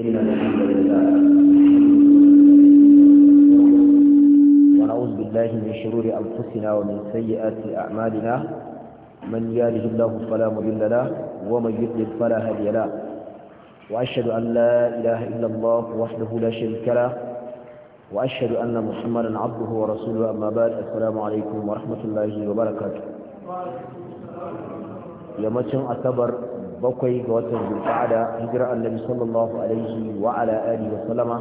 إن الحمد لله ونعوذ بالله من شرور أنفسنا ومن سيئات أعمالنا من ياله الله فلا مضل له ومن يضلل فلا هادي له وأشهد أن لا إله إلا الله وحده لا شريك له وأشهد أن محمدا عبده ورسوله أما بعد السلام عليكم ورحمة الله وبركاته متن asabar bakwai ga watan zulqa'ada hijira annabi sallallahu alaihi wa ala alihi wa sallama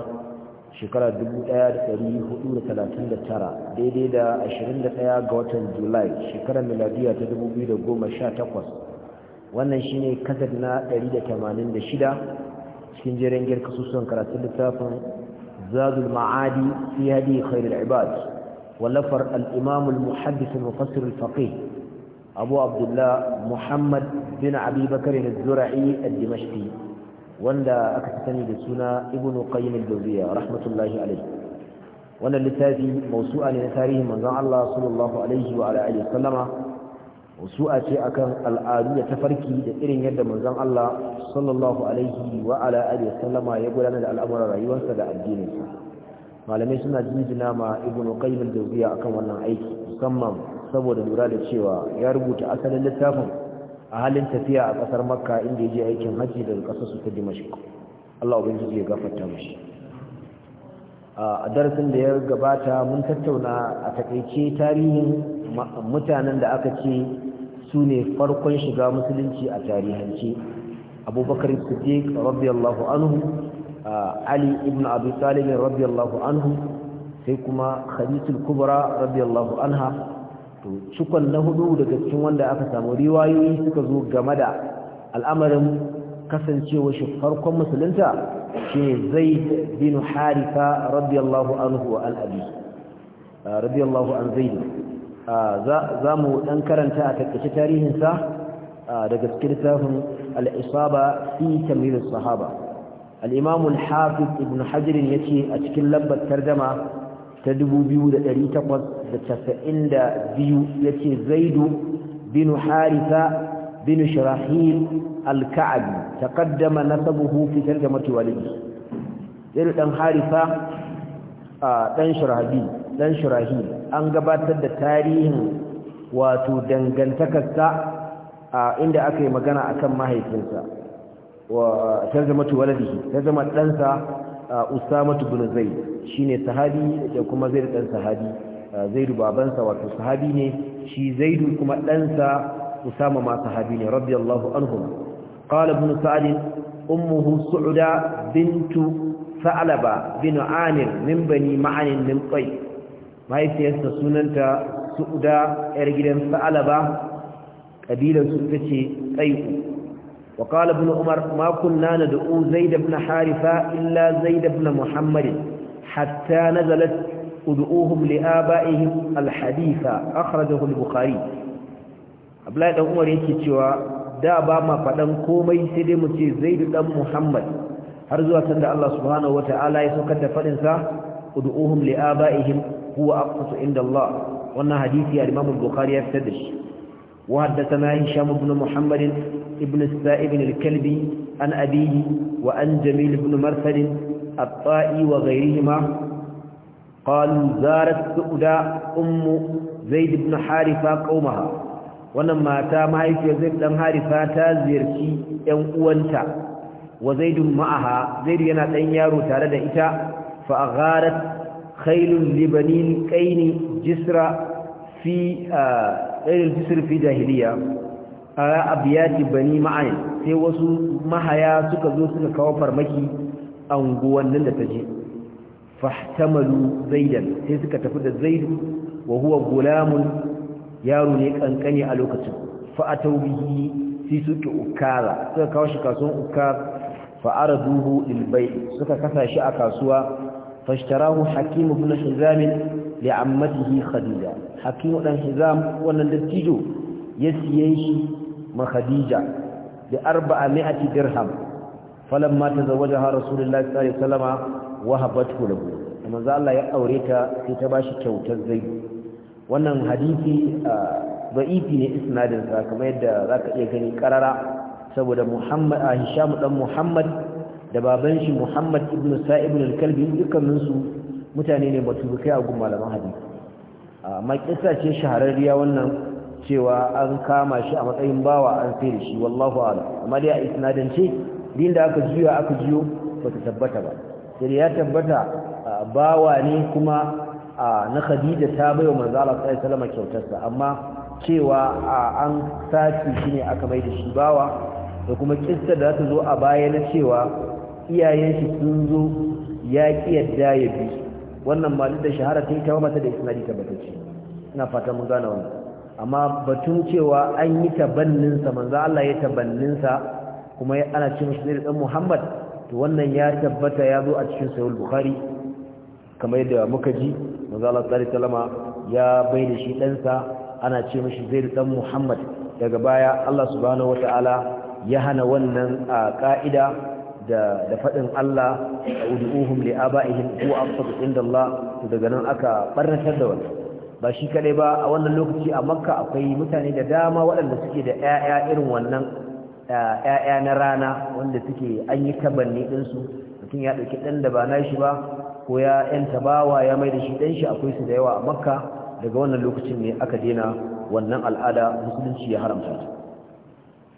shekara 1439 daidai da 21 ga watan julai shekarar miladiya ta 2018 wannan shine kasar na 186 cikin jerin girka susun karatun littafin zadul ma'adi fi hadi khairul ibad wallafar al-imam al-muhaddis al-mufassir al-faqih abu abdullah muhammad bin abi bakar zurai a dimashqi wanda aka sani da suna ibn qayyim al rahmatullahi alayhi wannan littafi mawsu'a ne na tarihin manzon Allah sallallahu alaihi wa alihi sallama mawsu'a ce akan al'adu da tafarki da irin yadda manzon Allah sallallahu alaihi wa alihi sallama ya gudanar da al'amuran rayuwarsa da addininsa malamai suna jinjina ma ibn qayyim al akan wannan aiki musamman saboda lura da cewa ya rubuta asalin littafin a halin tafiya a kasar makka inda ya je aikin hajji daga kasar su ta dimashik Allah ubangiji ya gafarta mashi a darasin da ya gabata mun tattauna a takaice tarihin mutanen da aka ce su ne farkon shiga musulunci a tarihance abubakar siddiq radiyallahu anhu ali ibn abi rabbi radiyallahu anhu sai kuma khadijatul kubra radiyallahu anha to cikon na hudu daga cikin wanda aka samu riwayoyi suka zo game da al'amarin kasancewa shi farkon musulunta shine zaid bin haritha radiyallahu anhu al-abi ah, radiyallahu an zaid ah, za mu dan karanta a takaice tarihinsa ah, daga cikin littafin al-isaba fi tamyiz sahaba al-imam al-hafiz ibn hajar yace a cikin labbar tarjama ta 2892 yace zaidu bin haritha bin shirahil al-ka'bi taqaddama nasabuhu fi tarjamati walidi zaidu dan haritha dan dan shirahil an gabatar da tarihin wato dangantakarsa inda aka yi magana akan mahaifinsa wa tarjamatu waladihi tarjamat ɗansa usama ibn zaid ne sahabi da kuma zaid dan sahabi da babansa wato sahabi ne shi da kuma ɗansa usama ma sahabi ne radiyallahu anhum ƙala ibn sa'd ummuhu su'da bintu sa'laba bin amir min bani ma'an min qay mahaifiyarsa sunanta su'uda yar gidan sa'laba kabilar su tace qay وقال ابن عمر ما كنا ندعو زيد بن حارثة إلا زيد بن محمد حتى نزلت ادعوهم لآبائهم الحديثة أخرجه البخاري أبلا ابن عمر يكتوى دابا ما فدن كومي سيدمتي زيد بن محمد هرزوا سند الله سبحانه وتعالى يسوكت فدنسا ادعوهم لآبائهم هو أقصص عند الله وأن حديثي الإمام البخاري يفتدش وحدثنا هشام بن محمد ابن السائب الكلبي عن أبيه وعن جميل بن مرثد الطائي وغيرهما قالوا زارت سؤداء أم زيد بن حارثة قومها ولما تام هيك زيد بن حارثة تزيرتي أن أونتا وزيد معها زيد ينا دان يارو تare da ita fa agharat khailul libanil kaini jisra fi ghairil jisr fi jahiliya a abiyati bani ma'ayin sai wasu mahaya suka zo suka kawo farmaki anguwannin da ta je fahtamalu zaidan sai suka tafi da zaidu wa huwa gulamun yaro ne kankani a lokacin fa'atau bihi fi suke ukara suka kawo shi kasuwan ukar fa'araduhu ilbai suka kasa shi a kasuwa fashtarahu hakim ibn hizamin li ammatihi khadija hakim dan hizam wannan dattijo ya siye shi ma khadija bi 400 dirham falamma tazawwajaha rasulullahi sallallahu alaihi wasallama wahabathu lahu manzo Allah ya aure ta sai ta bashi kyautar zai wannan hadisi da'ifi ne isnadin sa kamar yadda zaka iya gani karara saboda Muhammad dan Muhammad da baban shi Muhammad ibn Sa'ib al-Kalbi dukkanin mutane ne maturukai a gun malaman hadisi amma kissa ce shahararriya wannan cewa an kama shi a matsayin bawa an sai da shi wallahu ala amma dai a isnadance din da aka juya aka jiyo ba ta tabbata ba sai ya tabbata bawa ne kuma na khadija ta baiwa manzo Allah sallallahu salama wasallam kyautarsa amma cewa an saki shi ne aka mai da shi bawa da kuma kissa da ta zo a baya na cewa iyayen shi sun zo ya ki yadda ya bi wannan malin da shahara ta yi ta mata da isnadi ce ina fata mun gane wannan amma batun cewa an yi tabanninsa manzo Allah ya tabanninsa kuma ana ce mishi da dan Muhammad to wannan ya tabbata ya zo a cikin sahih bukhari kamar yadda muka ji manzo Allah sallallahu alaihi ya baina shi ɗansa ana ce mishi zai ɗan Muhammad daga baya Allah subhanahu wataala ya hana wannan ka'ida da da fadin Allah ud'uhum li aba'ihim huwa afsatu inda Allah to daga nan aka barnatar da wannan ba shi kaɗai ba a wannan lokaci a makka akwai mutane da dama waɗanda suke da 'ya'ya irin wannan 'ya'ya eh, na rana wanda suke an yi tabanni ɗinsu mutum ya ɗauki ɗan da ba na shi ba ko ya ƴan tabawa ya mai da shi ɗan shi akwai su da yawa a makka daga wannan lokacin ne aka daina wannan al'ada musulunci ya haramta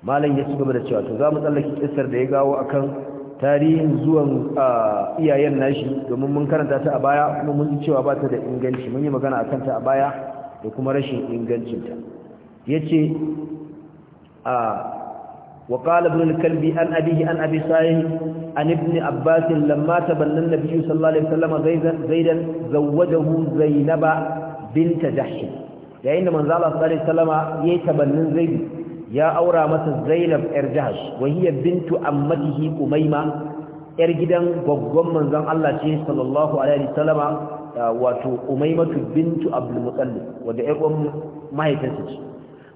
malam ya ci gaba da cewa to za mu tsallake kisar da ya gawo akan tarihin zuwan iyayen nashi domin mun karanta ta a baya kuma mun cewa bata da inganci mun yi magana a ta a baya da kuma rashin ingancinta ya ce waƙala birnin kalbi an abihi an abi sayi an abbasin lamma ta bannan na biyu sallallahu alaihi wasallam zaidan zawwajahu zainaba binta jahshi yayin da manzala sallallahu alaihi wasallam ya yi tabannin zaidi ya aura masa zainab yar jahash wahiyya bintu ammatihi umaima yar gidan gwaggon manzon Allah ce sallallahu alaihi wasallama wato umaimatu bintu abdul muttalib wanda yar uwan mahaifinsa ce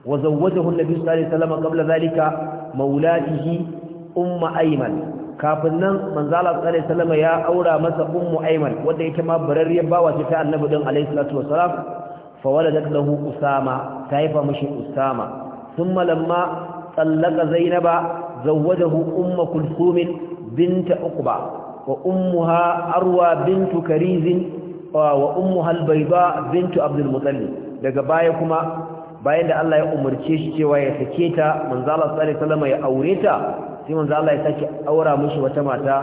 wa zawwajahu annabi sallallahu alaihi wasallama qabla zalika maulatihi umma ayman kafin nan manzon Allah sallallahu alaihi wasallama ya aura masa ummu ayman wanda yake ma bararriyar bawa ce ta annabi din alaihi salatu wasalam fa waladat lahu usama ta haifa mishi usama ثم لما طلق زينب زوجه أم كلثوم بنت عقبة وأمها أروى بنت كريز وأمها البيضاء بنت عبد المطلب daga baya kuma bayan da Allah ya umarce shi cewa ya sake ta manzo Allah sallallahu alaihi wasallam ya aure ta sai manzo Allah ya sake aura mishi wata mata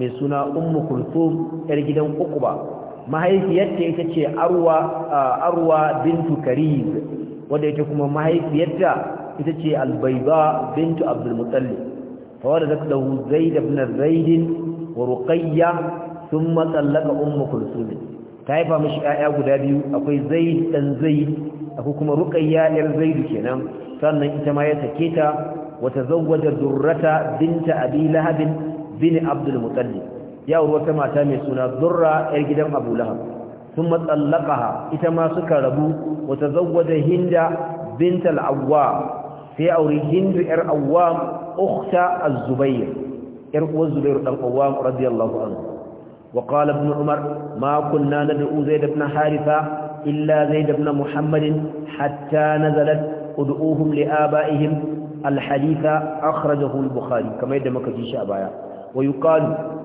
mai suna Ummu Kulthum yar gidan Uqba mahaifiyarta ita ce Arwa Arwa bintu Kariz wanda yake kuma mahaifiyarta ita ce albaiba bintu abdul mutallib fa wanda zaka da zaid ibn zaid wa ruqayya thumma tallaka ummu kulsum ta haifa mishi 'ya'ya guda biyu akwai zaid dan zaid akwai kuma ruqayya yar zaid kenan sannan ita ma ya take ta wa tazawwaja durrata binta abi lahab bin abdul mutallib ya wata mata mai suna durra yar gidan abu lahab ثم طلقها إتما سكربو وتزوج هند بنت العوام في أوري هند إر عوام أخت الزبير إر الزبير العوام رضي الله عنه وقال ابن عمر ما كنا ندعو زيد بن حارثة إلا زيد بن محمد حتى نزلت ادعوهم لآبائهم الحديث أخرجه البخاري كما يدمك في شعبايا ويقال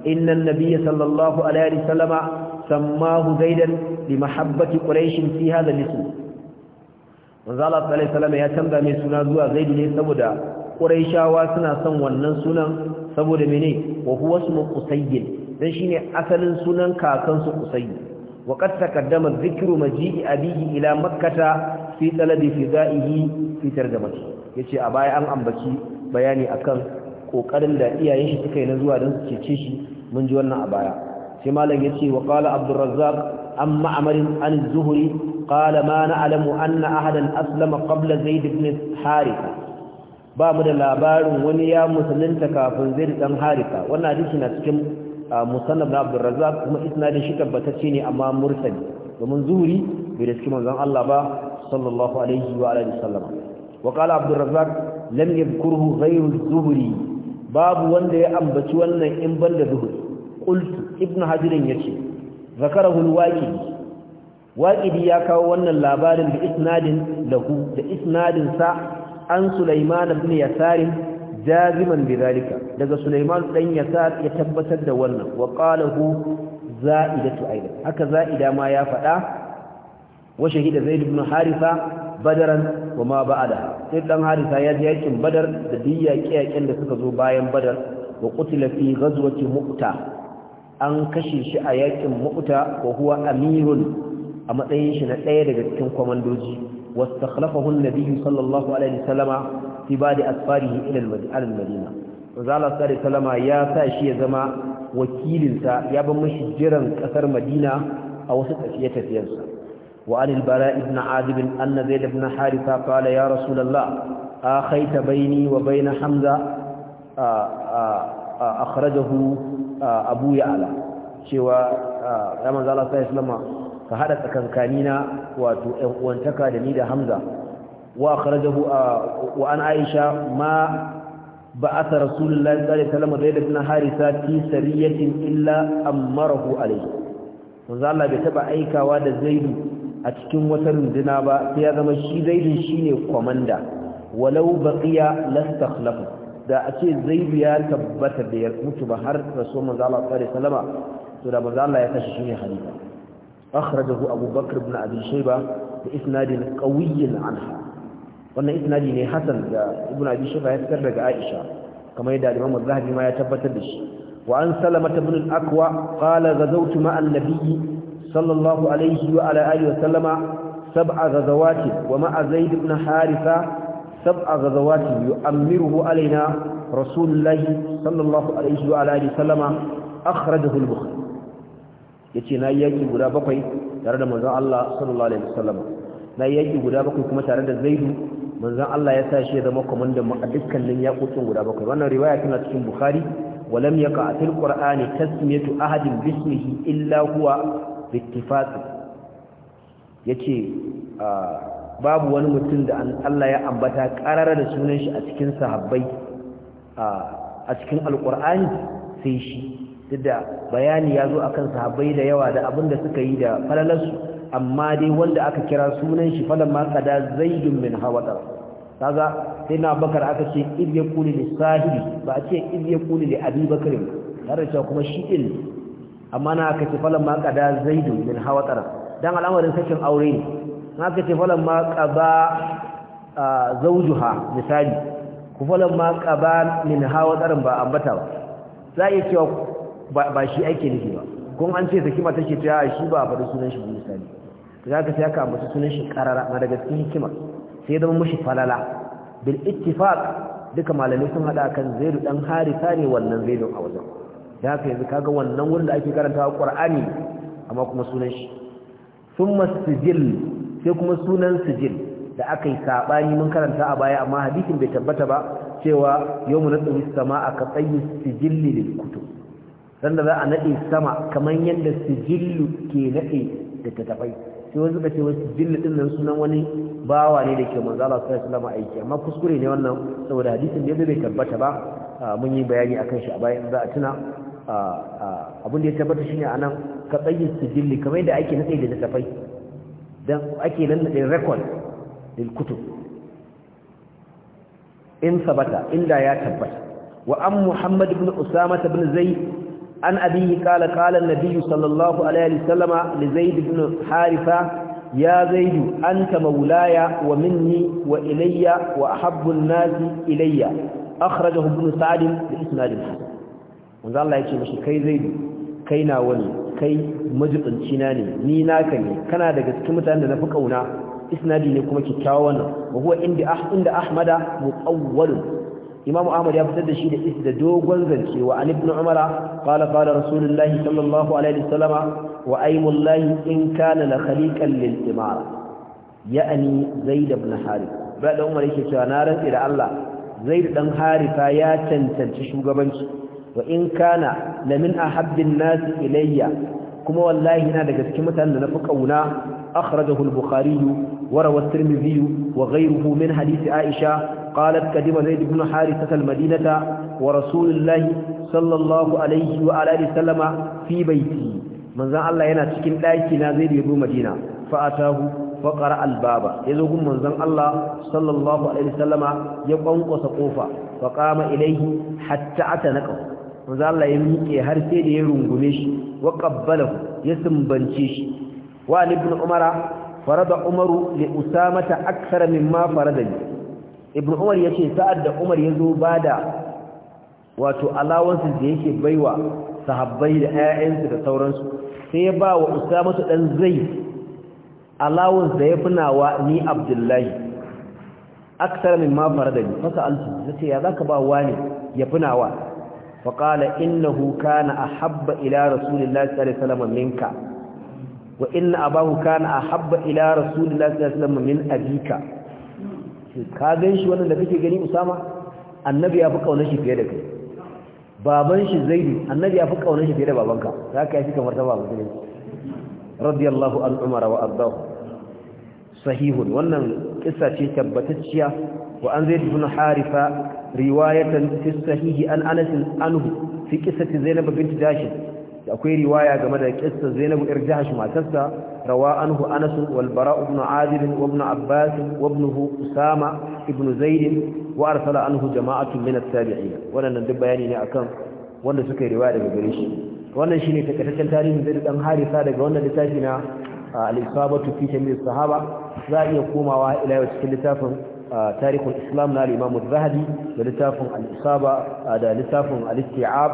إن النبي صلى الله عليه وسلم sammahu zaidan li mahabbati quraish fi hadha al-ism manzo Allah sallallahu alaihi ya canza mai suna zuwa zaid ne saboda quraishawa suna son wannan sunan saboda mene wa huwa ismu qusayy dan shine asalin sunan kakan su qusayy wa qad taqaddama dhikru maji'i abihi ila makkah fi talabi fidaihi fi tarjamati ce a baya an ambaci bayani akan kokarin da iyayen shi suka na zuwa don su cece shi mun ji wannan a baya sai malam ya wa qala abdurrazzaq an amr an az-zuhri qala ma na'lamu anna ahadan aslama kabla zai ibn harika. ba mu da labarin wani ya musulunta kafin da dan harika. wannan hadisi na cikin na abdurrazzaq kuma isnadin shi tabbatacce ne amma mursali domin zuhri bai da cikin manzon Allah ba sallallahu alaihi wa alihi wasallam wa qala abdurrazzaq lam yadhkuruhu ghayru zuhri babu wanda ya ambaci wannan in banda zuhri qultu ibnu hajirin yace zakarahu al-waqidi ya kawo wannan labarin da isnadin lahu da isnadin sa an sulaiman ibn yasar jaziman bidalika daga sulaiman dan yasar ya tabbatar da wannan wa qalahu za'idatu aidan haka za'ida ma ya fada wa shahida zaid ibn haritha badaran wa ma sai dan haritha ya ji yakin badar da diyya kiyakin da suka zo bayan badar wa qutila fi ghazwati an kashe shi a yakin mu'ta ko huwa amirun a matsayin shi na ɗaya daga cikin kwamandoji wastakhlafahu an-nabi sallallahu alaihi wasallama fi ba'di asfarihi ila madina manzo Allah sallallahu ya sa shi ya zama wakilinsa ya ban mashi jiran kasar Madina a wasu tafiye-tafiyensa وعن البراء بن عازب أن زيد بن حارثة قال يا رسول الله آخيت بيني وبين حمزة آآ آآ akhrajahu abu ya'la cewa ya manzo Allah ka hada tsakankani na wato ɗan uwantaka da ni da Hamza wa akhrajahu wa an Aisha ma ba'atha rasulullahi sallallahu alaihi wasallam da ibn Harisa fi sariyatin illa amarahu alaihi manzo Allah bai taba aikawa da Zaidu a cikin wata runduna ba sai ya zama shi Zaidu shine komanda walau baqiya lastakhlafu da a ce zaidu ya tabbatar da ya mutu ba har rasu manzo Allah tsare alaihi wasallam to da manzo Allah ya kashe shi ne halifa akhrajahu Abu Bakr ibn Abi Shayba bi isnadin qawiyyin anha wannan isnadi ne hasan da ibn Abi Shayba ya tsare daga Aisha kamar yadda Imam Az-Zahabi ma ya tabbatar da shi wa an Salama ibn al-Aqwa qala ghazawtu ma'a an-nabiy sallallahu alaihi wa ala alihi wa sallama sab'a ghazawati wa ma'a Zaid ibn Haritha sab'a ghazawati yu'ammiruhu alaina rasulullahi sallallahu alaihi wa alihi sallama akhrajahu al-bukhari yace na yaki guda bakwai tare da manzon Allah sallallahu alaihi wasallam na yaki guda bakwai kuma tare da Zaidu manzon Allah ya sa shi ya zama komandan mu a dukkanin yakokin guda bakwai wannan riwaya tana cikin Bukhari ولم يقع في القرآن تسمية أحد باسمه إلا هو باتفاق يتي آه babu wani mutum da Allah ya ambata ƙarara da sunan shi a cikin sahabbai a cikin alƙur'ani sai shi duk da bayani ya zo a kan sahabbai da yawa da abin da suka yi da falalarsu amma dai wanda aka kira sunan shi falan ma kada zaidun min hawadar kaga sai na bakar aka ce id ya kuli li sahibi ba a ce id ya kuli li abi bakar ba kuma shi ɗin amma na aka ce falan ma kada zaidun min hawadar dan al'amarin sakin aure ne haka ce falon ma ƙaba zaujuha misali ku falon ma ƙaba min hawa tsarin ba ambata ba za a iya cewa ba shi ake nufi ba kun an ce sakima mata ke cewa shi ba a faɗi sunan shi ba misali za ka sai aka ambata sunan shi karara na daga cikin hikima sai zama mushi falala bil ittifaq duka malamai sun hada kan zaidu dan harisa ne wannan zaidun a wajen ya kai yanzu kaga wannan wurin da ake karantawa ƙur'ani amma kuma sunan shi sun sijil sai kuma sunan sijil da aka yi saɓani mun karanta a baya amma hadisin bai tabbata ba cewa yau mu naɗin sama a ka sijilli da kutu don da za a naɗe sama kamar yadda sijillu ke naɗe da ta tafai sai wani suka ce wasu sijillu ɗin nan sunan wani bawa ne da ke manzala su salama aiki amma kuskure ne wannan saboda hadisin da bai tabbata ba mun yi bayani akan shi a bayan za a tuna abin da ya tabbata shine anan ka tsayi sijilli kamar yadda ake naɗe da tafai da ake lallaɗe rekod lilkutub in sabata inda ya tabbata wa an muhammad ibn usama ibn zaid an abihi qala qala an-nabiy sallallahu alaihi wasallama li zaid ibn Harifa ya zaid anta maulaya wa minni wa ilayya wa ahabbu an-nas ilayya akhrajahu ibn sa'd bi isnad hasan manzo Allah yake mishi kai zaid kai na wani kai majibinci na ne ni naka ne kana daga cikin mutanen da na fi kauna isnadi ne kuma kyakkyawan wannan. wa huwa inda ah inda ahmada muqawwal imam ahmad ya fitar da shi da is da dogon zance wa an ibn umara qala qala rasulullahi sallallahu alaihi wasallama wa aymullahi in kana la khaliqan lil imara ya'ni zaid ibn harith ba da umar yake cewa na rantsi da Allah zaid dan harifa ya tantance shugabanci wa in kana lamin ahabbin nasi ilayya kuma wallahi na daga cikin mutanen da na fi kauna akhrajahu al-bukhari wa rawa at-tirmidhi wa ghayruhu min hadith aisha qalat kadima zaid ibn harithah al-madinata wa rasulullahi sallallahu alayhi wa alihi sallama fi baiti manzon Allah yana cikin daki na zaid ibn madina fa atahu fa qara al-baba yazo gun manzon Allah sallallahu alayhi sallama ya kwankwasa kofa fa qama ilayhi hatta atanaka za Allah ya miƙe har sai da ya rungume shi wa qabbalahu ya sumbance shi wa ibn umara farada umaru li ta akthara mimma farada ibn umar yace sa'ad da umar yazo bada wato alawansu da yake baiwa sahabbai da ƴaƴansu da sauransu sai ya ba wa usamatu dan zai alawans da ya finawa ni abdullahi akthara mimma farada fa fasa alsu sai ya zaka ba wani ya finawa فقال إنه كان أحب إلى رسول الله صلى الله عليه وسلم منك وإن أباه كان أحب إلى رسول الله صلى الله عليه وسلم من أبيك كاغن شي wannan da kake gani Usama annabi ya fi kaunar shi fiye da kai baban shi Zaid annabi ya fi kaunar shi fiye da babanka zaka yi kamar ta babu ne radiyallahu an Umar wa Abdullah sahihun wannan kissa ce tabbatacciya wa an Zaid ibn Harifa riwayatan fi sahihi an anas anhu fi qissati zainab bint jahsh da akwai riwaya game da qissar zainab ir jahsh matarsa rawa anhu anas wal bara ibn adil ibn abbas ibnuhu usama ibn zaid wa arsala anhu jama'atun min at-tabi'in wannan duk bayani ne akan wanda suka yi riwaya daga gare shi wannan shine takaitaccen tarihin zai dan harisa daga wannan littafi na al-isabatu fi sahaba za iya komawa ila cikin littafin a tarihul islam na al-imam da littafin al da littafin al-isti'ab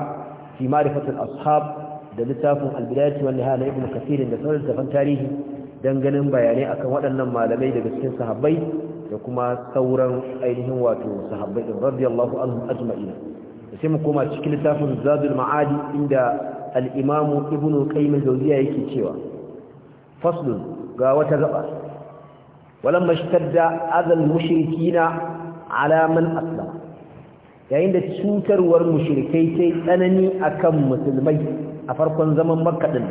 fi ashab da littafin al wa nihaya na ibn kathir da sauran littafan tarihi dan ganin bayanai akan waɗannan malamai daga cikin sahabbai da kuma sauran ainihin wato sahabbai din radiyallahu anhum ajma'in sai mu koma cikin littafin zadul ma'adi inda al-imam ibn qayyim al-jawziya yake cewa faslun ga wata gaba walamma shtadda adal mushrikina ala alaman aslama yayin da cutarwar mushrikai sai tsanani akan musulmai a farkon zaman makka din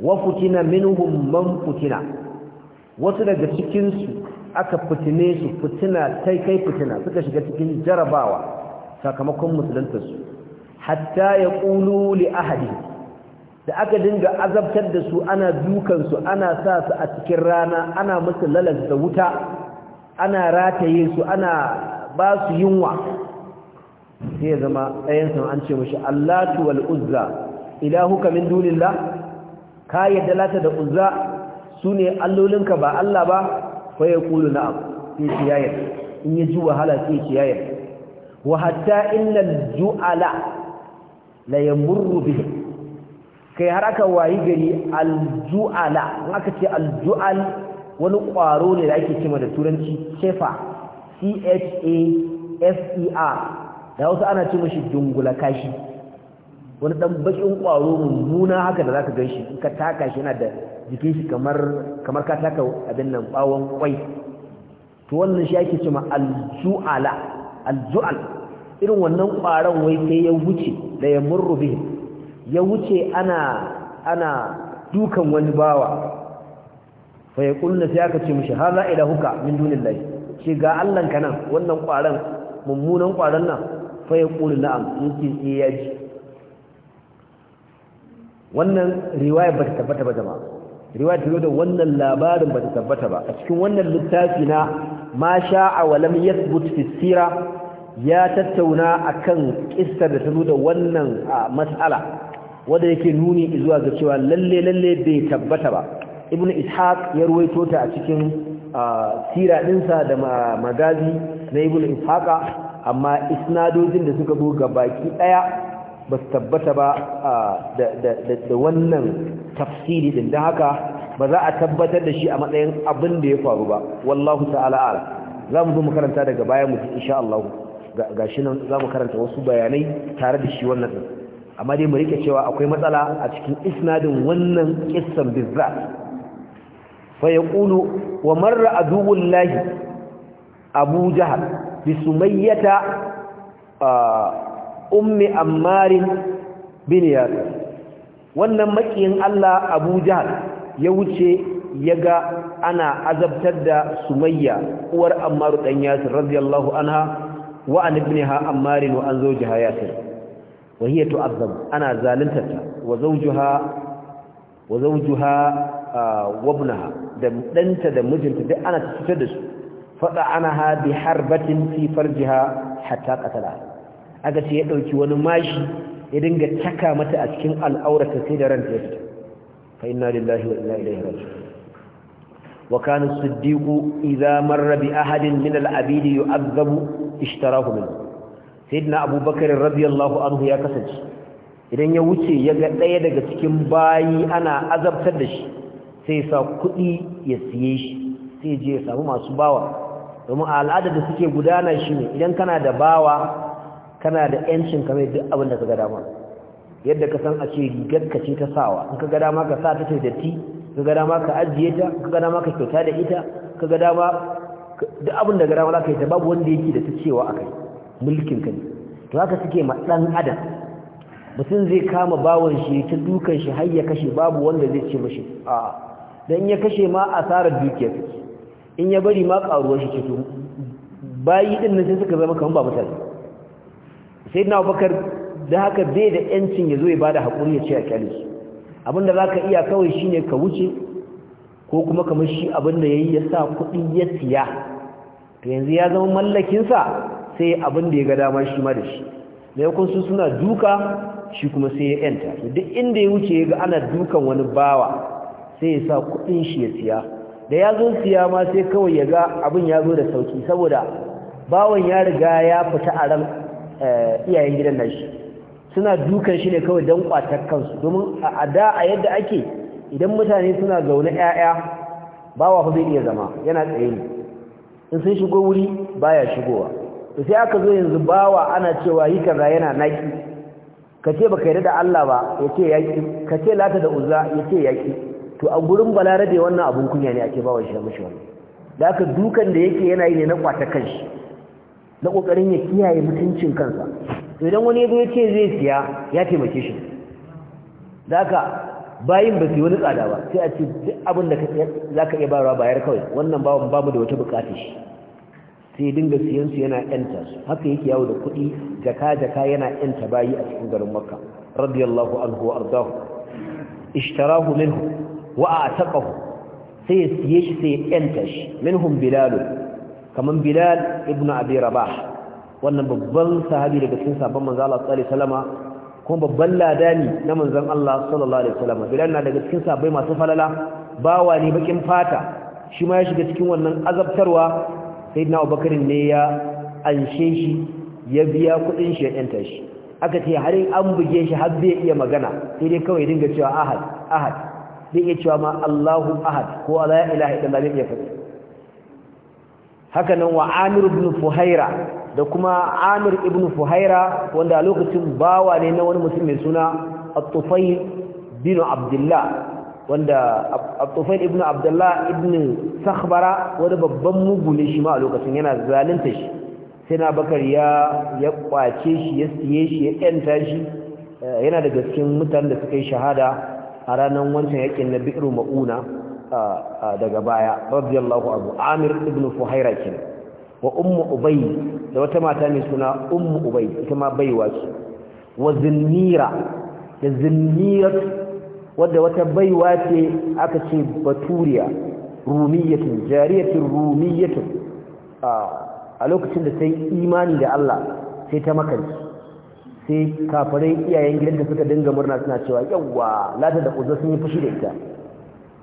wa futina minhum man futina wasu daga cikin su aka fitine su fitina sai kai fitina suka shiga cikin jarabawa sakamakon musulunta su hatta yaqulu li ahadi da aka dinga azabtar da su ana dukansu ana sa su a cikin rana ana musu lalata wuta ana rataye su ana ba su yunwa sai ya zama ɗayansu an ce mashi allatu wal uzza ilahuka min dunillah ka yadda lata da uzza su ne allolinka ba allah ba fa ya kulu na'am sai ci yayar in ya ji wahala sai ci yayar wa hatta innal ju'ala la yamurru bihi kai har aka wayi gari aljuala in aka ce aljual wani ƙwaro ne da ake cima da turanci shefa c-h-a-f-e-r da wasu ana ce mashi dungula kashi wani ɗan baƙin ƙwaro mummuna haka da za ka gan shi in ka taka shi yana da jikin shi kamar ka taka abin nan ɓawon ƙwai to wannan shi ake cima aljuala aljual irin wannan ƙwaron wai sai ya wuce da ya murru ya wuce ana ana dukan wani bawa fa ya sai aka ce mishi haza huka, min dunillahi ce ga Allahn ka nan wannan kwaran mummunan kwaran nan fa ya kullu na'am yake sai ya ji wannan riwaya ba ta tabbata ba jama'a riwaya ta da wannan labarin ba ta tabbata ba a cikin wannan littafi na ma sha'a wa lam yathbut fi sira ya tattauna akan kissa da ta da wannan mas'ala wanda yake nuni zuwa ga cewa lalle lalle bai tabbata ba ibnu ishaq ya ruwaito ta a cikin sira dinsa da magazi na ibnu ishaqa amma isnadojin da suka zo ga baki daya ba su tabbata ba da wannan tafsiri din da haka ba za a tabbatar da shi a matsayin abin da ya faru ba wallahu ta'ala ala za mu zo mu karanta daga baya mu insha Allah ga shi nan za mu karanta wasu bayanai tare da shi wannan din amma dai mu rike cewa akwai matsala a cikin isnadin wannan kissan bizza fa yaqulu wa marra adullahi abu jahal bi sumayyata ummi ammar bin yasir wannan makiyin Allah abu jahal ya wuce yaga ana azabtar da sumayya uwar ammar dan yasir radiyallahu anha wa an ibnaha ammar wa an zawjaha yasir wa hiya tu'azzab ana zaluntarta wa zawjuha wa zawjuha wa ibnaha da danta da mijinta duk ana cutar da su fada anaha bi harbatin fi farjiha hatta qatala aka ce ya ɗauki wani mashi ya dinga caka mata a cikin al'aurata sai da ranta ya fita fa inna lillahi wa inna ilaihi raji'un wa kana as-siddiqu ahadin min al-abidi yu'adhabu ishtarahu minhu sayyidina abubakar radiyallahu anhu ya kasance idan ya wuce ya ga ɗaya daga cikin bayi ana azabtar da shi sai sa kudi ya siye shi sai je ya samu masu bawa domin al'adar da suke gudana shi ne idan kana da bawa kana da yancin kamar duk abin da ka ga dama yadda ka san a ce ka ce ta sawa in ka ga dama ka sa ta ce datti ka gada ma ka ajiye ta ka gada ma ka kyauta da ita ka gada ma duk abin da ga dama za ka yi ta babu wanda yake da ta cewa kai mulkin ka to haka suke ma dan adam mutum zai kama bawon shi ta dukan shi har ya kashe babu wanda zai ce mashi a dan ya kashe ma asarar dukiyar in ya bari ma karuwar shi ce to bayi din nan sai suka zama kaman tsari. Sai sayyidina Abubakar da haka bai da yancin ya zo ya bada hakuri ya ce a kyale shi abinda zaka iya kawai shine ka wuce ko kuma kamar shi abinda yayi ya sa kuɗi ya siya to yanzu ya zama mallakin sa sai abin da ya ga dama shi ma da shi maimakon su suna duka shi kuma sai ya yanta duk inda ya wuce ya ga ana dukan wani bawa sai ya sa kudin shi ya siya da ya zo siya ma sai kawai ya ga abin ya zo da sauki saboda bawan ya riga ya fita a ran eh, iyayen gidan nashi suna dukan shi ne kawai don kwatar kansu domin a da a yadda ake idan mutane suna zaune 'ya'ya bawa fa zai iya zama yana tsaye ne in sun shigo wuri baya shigowa to sai aka zo yanzu bawa ana cewa yi kaza yana naki ka ba baka yarda da Allah ba yace yaki ce lata da uzza yace yaki to a gurin balarabe wannan abun kunya ne ake bawa shi mushi wannan da aka dukan da yake yana yi ne na kwata kanshi na kokarin ya kiyaye mutuncin kansa to idan wani yazo yace zai siya ya taimake shi da aka bayin ba su wani tsada ba sai a ce duk abin da ka iya bayarwa bayar kawai wannan bawan babu da wata bukatar shi sai dinga siyansu yana yanta su haka yake yawo da kuɗi jaka jaka yana yanta bayi a cikin garin makka radiyallahu anhu ardahu ishtarahu minhu wa a'taqahu sai ya siye shi sai ya yanta shi minhum bilal kaman bilal ibnu abi rabah wannan babban sahabi daga cikin sahabban manzo Allah sallallahu alaihi wasallama kuma babban ladani na manzon Allah sallallahu alaihi wasallama bilal na daga cikin sahabbai masu falala bawa ne bakin fata shi ma ya shiga cikin wannan azabtarwa Sai na abubakarin ne ya anshe shi ya biya kudin shi ya yanta shi aka ce har an buge shi har bai iya magana sai dai kawai dinga cewa ahad ahad zai iya cewa ma Allahu ahad ko ala ilaha illallah iya faɗi haka nan wa Amir ibn Fuhaira da kuma Amir ibn Fuhaira wanda lokacin bawa ne na wani mutum mai suna At-Tufayl bin Abdullah wanda Abdufan ibn Abdullah ibn Sakhbara wani babban mugu ne shi ma a lokacin yana zalunta shi sai na bakar ya ya kwace shi ya siye shi ya yanta shi eh, yana daga cikin mutanen da suka yi shahada a ranar wancan yakin na Bi'ru Mauna daga baya radiyallahu anhu Amir ibn Fuhaira kenan wa ummu Ubay da wata mata mai suna ummu Ubay ita ma baiwa ce wa Zinnira da Zinniratu wadda wata baiwa ce aka ce baturiya rumiyatun jariyatun rumiyatun a lokacin da sai imani da Allah sai ta makanci sai kafarai iyayen gidan da suka dinga murna suna cewa yawwa lata da uzza sun yi fushi da ita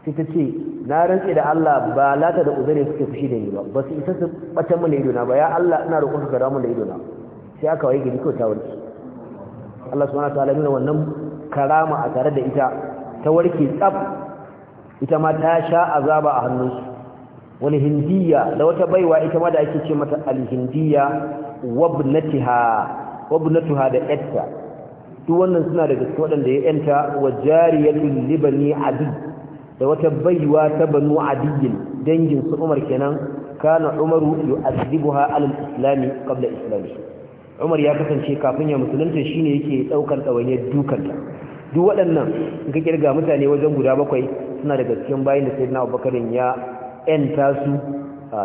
sai ta ce na rantse da Allah ba lata da uzza ne suke fushi da ni ba ba su isa su bacen mana ido na ba ya Allah ina roƙon ka gada da ido na sai aka waye gidi ko ta wuce Allah subhanahu wa ta'ala nuna wannan karama a tare da ita ta warke tsaf ita ma ta sha azaba a hannunsu wani hindiya da wata baiwa ita ma da ake ce mata alhindiya wabnatiha wabnatuha da yatta duk wannan suna daga cikin wadanda ya yanta wa jariyatul libani adi da wata baiwa ta banu adiyin dangin su umar kenan kana umaru yu'azzibuha alal islami qabla islami umar ya kasance kafin ya musulunta shine yake daukar ɗawainiyar dukanta duk waɗannan ga kirga mutane wajen guda bakwai suna daga cikin bayan da na abubakarin ya yanta su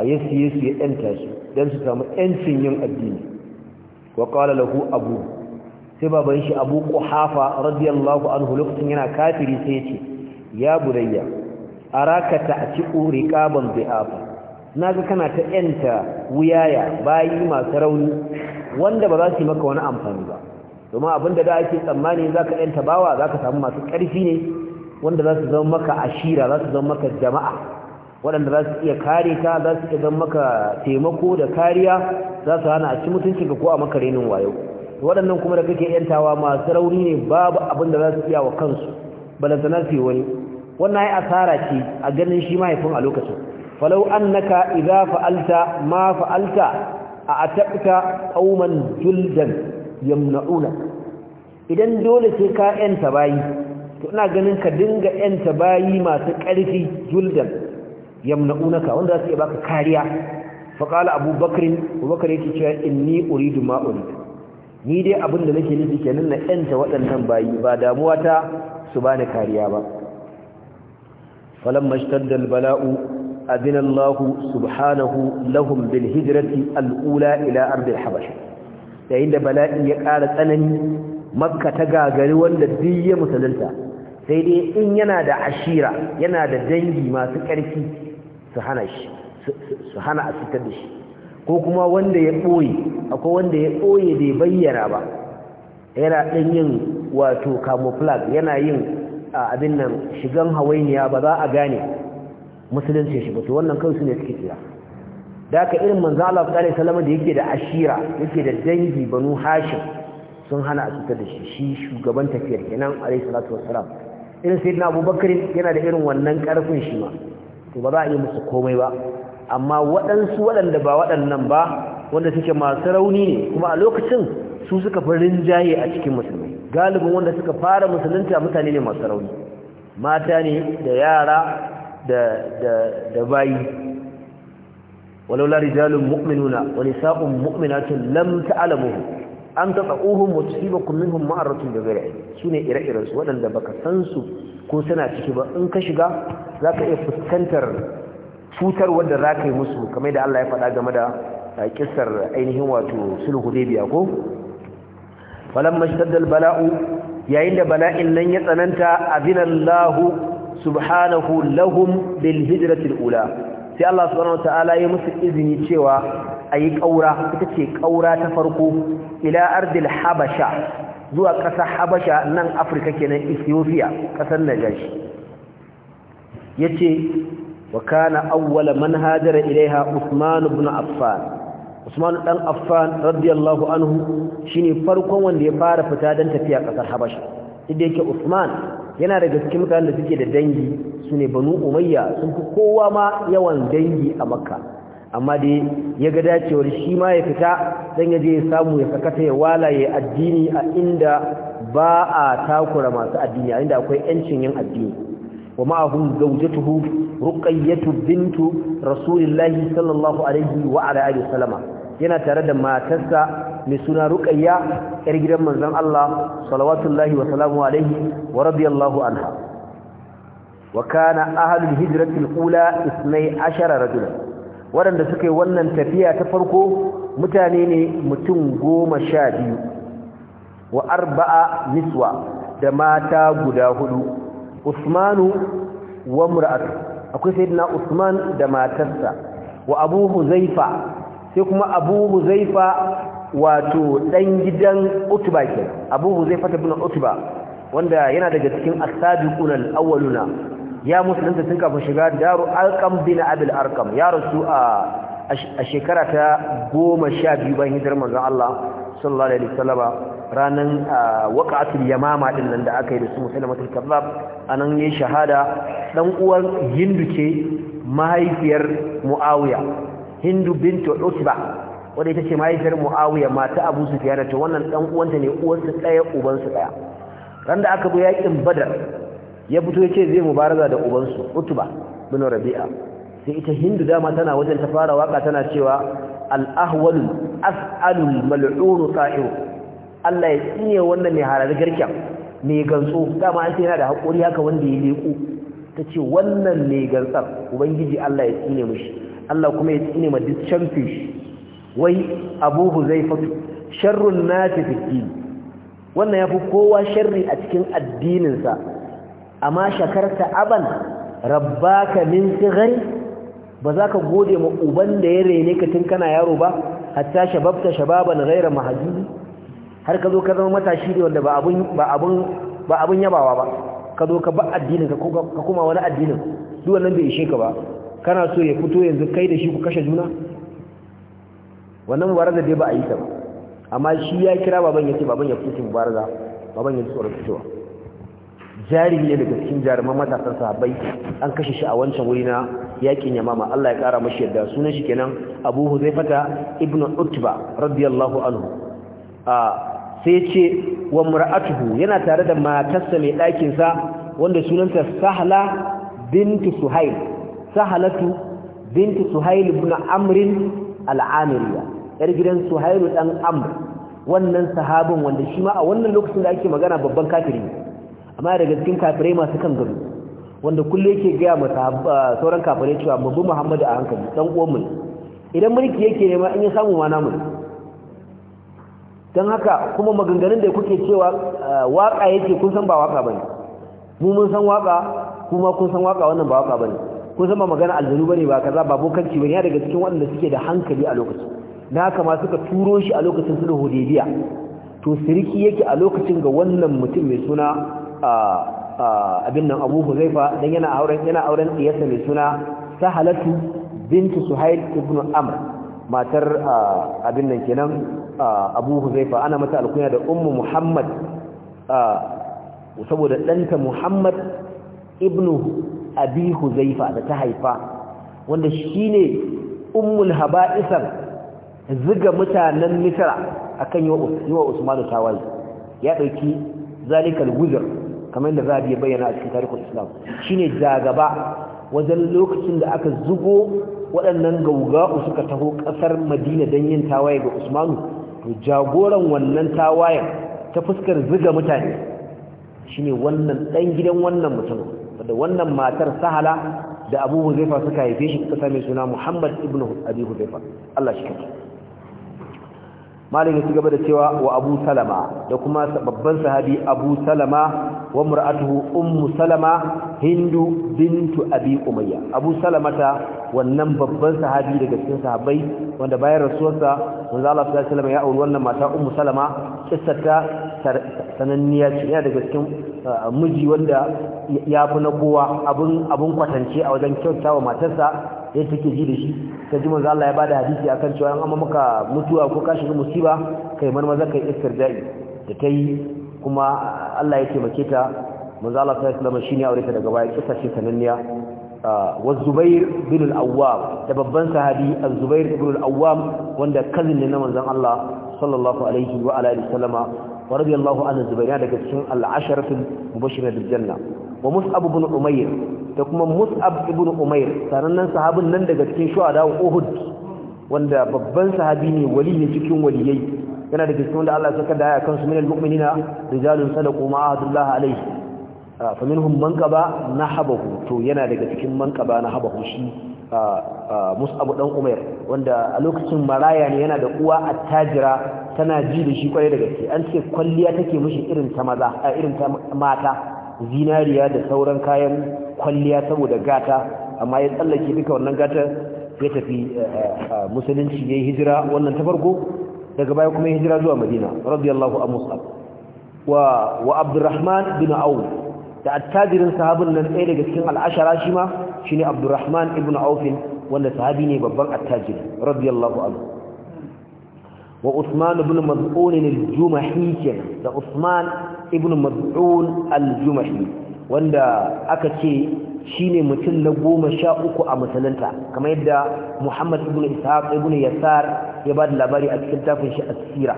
ya siye su ya yanta su don su samu yancin yin addini wa ƙawar lahu abu sai baban shi Abu hafa radiyallahu an lokacin yana kafiri sai ya ce ya burayya ci ƙuri ƙaban bi'afa na ga kana ta yanta wuyaya bayi masu rauni wanda ba za su yi maka wani amfani ba domin abinda da ake tsammani za ka yanta bawa za ka samu masu ƙarfi ne wanda za su zama maka ashira za su zama maka jama'a waɗanda za su iya kare ka za su iya zama maka taimako da kariya za su hana a ci mutunci ka ko a maka renin wayo waɗannan kuma da kake yantawa masu rauni ne babu abin da za su iya wa kansu balantana su yi wani wannan ya asara ce a ganin shi mahaifin a lokacin falau annaka iza fa'alta ma fa'alta a atabta qauman juldan yamna'una idan dole sai ka yanta bayi to ina ganin ka dinga yanta bayi masu ƙarfi juldan yamna'unaka wanda za su iya baka kariya faƙala abubakarin abubakar yake cewa inni uridu ma uridu ni dai abin da nake nufi kenan na yanta waɗannan bayi ba damuwa ta su bani kariya ba falamma ishtadda albala'u adina Allah subhanahu lahum bil hijrati al-ula ila ardil habasha yayin da bala'i ya ƙara tsanani makka ta gagari wanda duk ya musulunta sai dai in yana da ashira yana da dangi masu ƙarfi su hana shi su hana a fitar da shi ko kuma wanda ya ɓoye akwai wanda ya ɓoye bai bayyana ba yana ɗan yin wato camouflage yana yin abin nan shigan hawainiya ba za a gane musulunci shi ba to wannan kai su ne suke tsira da ka irin manzo Allah sallallahu alaihi wasallam da yake da ashira yake da dangi banu hashim sun hana a da shi shi shugaban tafiyar kenan alaihi salatu wassalam irin sayyidina abubakar yana da irin wannan karfin shi ma to ba za a yi musu komai ba amma waɗansu waɗanda ba waɗannan ba wanda suke masu rauni ne kuma a lokacin su suka fi rinjaye a cikin musulmai galibin wanda suka fara musulunta mutane ne masu rauni mata ne da yara da bayi ولولا رجال مؤمنون ونساء مؤمنات لم تعلموه an taɓa'uhun mutusibakun minhun ma'arratun da gari su ne ire-irensu waɗanda baka san su ko suna ciki ba in ka shiga za ka iya fuskantar cutar wadda za ka yi musu kamar da Allah ya faɗa game da kisar ainihin wato sulhu biya ko falan mashtaddal bala'u yayin da bala'in nan ya tsananta azinallahu subhanahu lahum bil hijratil ula sai Allah subhanahu wataala ya musu izini cewa ayi kaura ita ce kaura ta farko ila ardil habasha zuwa ƙasar habasha nan afirka kenan ethiopia ƙasar najashi ce wa kana awwala man hajara ilaiha usman ibn affan usman dan affan radiyallahu anhu shine farkon wanda ya fara fita dan tafiya ƙasar habasha idan yake usman yana da cikin mutanen da suke da dangi su ne banu umayya sun fi kowa ma yawan dangi a makka amma dai ya ga dacewar shi ma ya fita don ya ya samu ya sakata ya walaye addini a inda ba a takura masu addini a inda akwai yancin yin addini wa ma'ahum zawjatuhu ruqayyatu bintu rasulillahi sallallahu alaihi wa ala alihi yana tare da matarsa mai suna ruqayya yar gidan manzon Allah salawatullahi wa salamu alaihi wa radiyallahu anha wa kana ahlul hijrati ula 12 rajulan wadanda suka yi wannan tafiya ta farko mutane ne mutum goma sha biyu wa arba'a niswa da mata guda hudu usmanu wa mur'atu akwai sayyidina usman da matarsa wa abu huzaifa sai kuma abu huzaifa wato ɗan gidan utba ke abu huzaifa ibn utba wanda yana daga cikin as-sabiquna al ya musulunta tun kafin shiga daru alqam bin abil arqam ya rasu a shekara ta 12 bayan hijirar manzon Allah sallallahu alaihi wasallama ranan waqatul yamama din nan da aka yi da su musulmatul kazzab anan yayi shahada dan uwan hindu ce mahaifiyar muawiya hindu bintu utba wadda ita ce mahaifiyar muawiya mata abu sufiyana to wannan dan uwanta ne uwansu daya ubansu daya ran da aka bi yakin badar ya fito yace zai mubaraza da ubansu utba bin rabi'a sai ita hindu dama tana wajen ta fara waka tana cewa al-ahwal as'alul mal'un ta'iru Allah ya tsine wannan mai harar garken mai gantso dama an ce yana da hakuri haka wanda ya leku tace wannan mai gantsar ubangiji Allah ya tsine mishi Allah kuma ya tsine ma duk canfi shi wai zai huzaifatu sharrun nati fi wannan yafi kowa sharri a cikin addinin sa amma shakarta aban rabbaka min sigari ba za ka gode ma uban da ya rene ka tun kana yaro ba hatta shababta shababan ghaira mahajiji. har ka zo ka zama matashi ne wanda ba abun ba abun ba abun yabawa ba ka zo ka ba addinin ka kuma wani addinin duk wannan bai ishe ka ba kana so ya fito yanzu kai da shi ku kashe juna wannan mubaraza dai ba a yi ta ba amma shi ya kira baban ya ce baban ya fito mubaraza baban ya tsoron fitowa jarimi ne daga cikin jaruman matasan sahabbai an kashe shi a wancan wuri na yakin mama. Allah ya kara mashi yadda sunan shi kenan Abu Huzaifata ibn Utba radiyallahu anhu a sai ce wa mur'atuhu yana tare da matarsa mai ɗakin sa wanda sunanta Sahla bint Suhail sahalatu bintu suhail ibn amr al-amiriya yar gidan suhail dan amr wannan sahabin wanda shi ma a wannan lokacin da ake magana babban kafiri amma daga cikin kafirai masu kan gado wanda kullu yake ga ma sauran kafirai cewa babu muhammadu a hankali dan uwan mu idan mulki yake nema in ya samu ma mu don haka kuma maganganun da kuke cewa waka yake kun san ba waka bane mu mun san waka kuma kun san waka wannan ba waka bane ko zama magana aljanu bane ba kaza ba bokanci bane ya daga cikin waɗanda suke da hankali a lokacin na haka ma suka turo shi a lokacin su da hudebiya to sirki yake a lokacin ga wannan mutum mai suna abin nan Abu Huzaifa dan yana auren yana auren diyarsa mai suna Sahalatu binta Suhail ibn Amr matar abin nan kenan Abu Huzaifa ana mata alkunya da Ummu Muhammad saboda ɗanta Muhammad ibnu abi huzaifa da ta haifa wanda shine ummul haba'isan ziga mutanen misra akan yi wa usmanu tawayi ya dauki zalikal guzur kamar da zabi ya bayyana a cikin tarihin islam shine jagaba wajen lokacin da aka zugo waɗannan gauga'u suka taho ƙasar madina don yin tawaye ga usmanu to jagoran wannan tawayen ta fuskar ziga mutane shine wannan ɗan gidan wannan mutum da wannan matar sahala da abu huzaifa suka haife shi suka same suna muhammad ibn abi huzaifa Allah shi kace malamin ya gaba da cewa wa abu salama da kuma babban sahabi abu salama wa mur'atuhu ummu salama hindu bintu abi umayya abu salamata wannan babban sahabi daga cikin sahabbai wanda bayan rasuwarsa manzo Allah sallallahu alaihi wasallam ya auri wannan mata ummu salama kissata sananniya ce daga cikin miji wanda ya fi na kowa abin kwatance a wajen kyauta wa matarsa ya take ji da shi ta ji manzo Allah ya bada hadisi akan cewa an amma maka mutuwa ko ka shiga musiba kai yi kai istirja'i da ta yi kuma Allah ya taimake ta manzo Allah sallallahu alaihi wasallam shine aure ta daga baya kisa ce sananniya wa Zubair bin al da babban sahabi Az-Zubair bin al wanda kazin ne na manzon Allah sallallahu alaihi wa alihi wasallama wa radiyallahu anhu zubair daga cikin al-asharatul mubashirin bil janna wa mus'ab ibn umayr da kuma mus'ab ibn Umair, sanannan sahabin nan daga cikin shuhada uhud wanda babban sahabi ne wali ne cikin waliyai yana daga cikin wanda Allah saka da ya kansu minal mu'minina rijalun sadaqu ma'adullahi alayhi fa minhum man qaba nahabahu to yana daga cikin man na haba shi mus'abu ɗan umair wanda a lokacin maraya ne yana da uwa a tajira tana ji da shi kwarai da gaske an ce kwalliya take mishi irin ta maza a irin ta mata zinariya da sauran kayan kwalliya saboda gata amma ya tsallake duka wannan gata ya tafi eh, eh, musulunci ya yi hijira wannan ta farko daga baya kuma ya hijira zuwa madina radiyallahu anhu wa wa abdurrahman bin auf da attajirin sahabin nan ɗaya daga cikin al'ashara shi ma shi ne abdurrahman ibn aufin wanda sahabi ne babban attajiri radiyallahu anhu wa usman ibn maz'un al-jumahi kenan da usman ibn maz'un al-jumahi wanda aka ce shine mutum na goma sha uku a musulunta kamar yadda muhammad ibn ishaq ibn yasar ya ba da labari a cikin tafin shi asira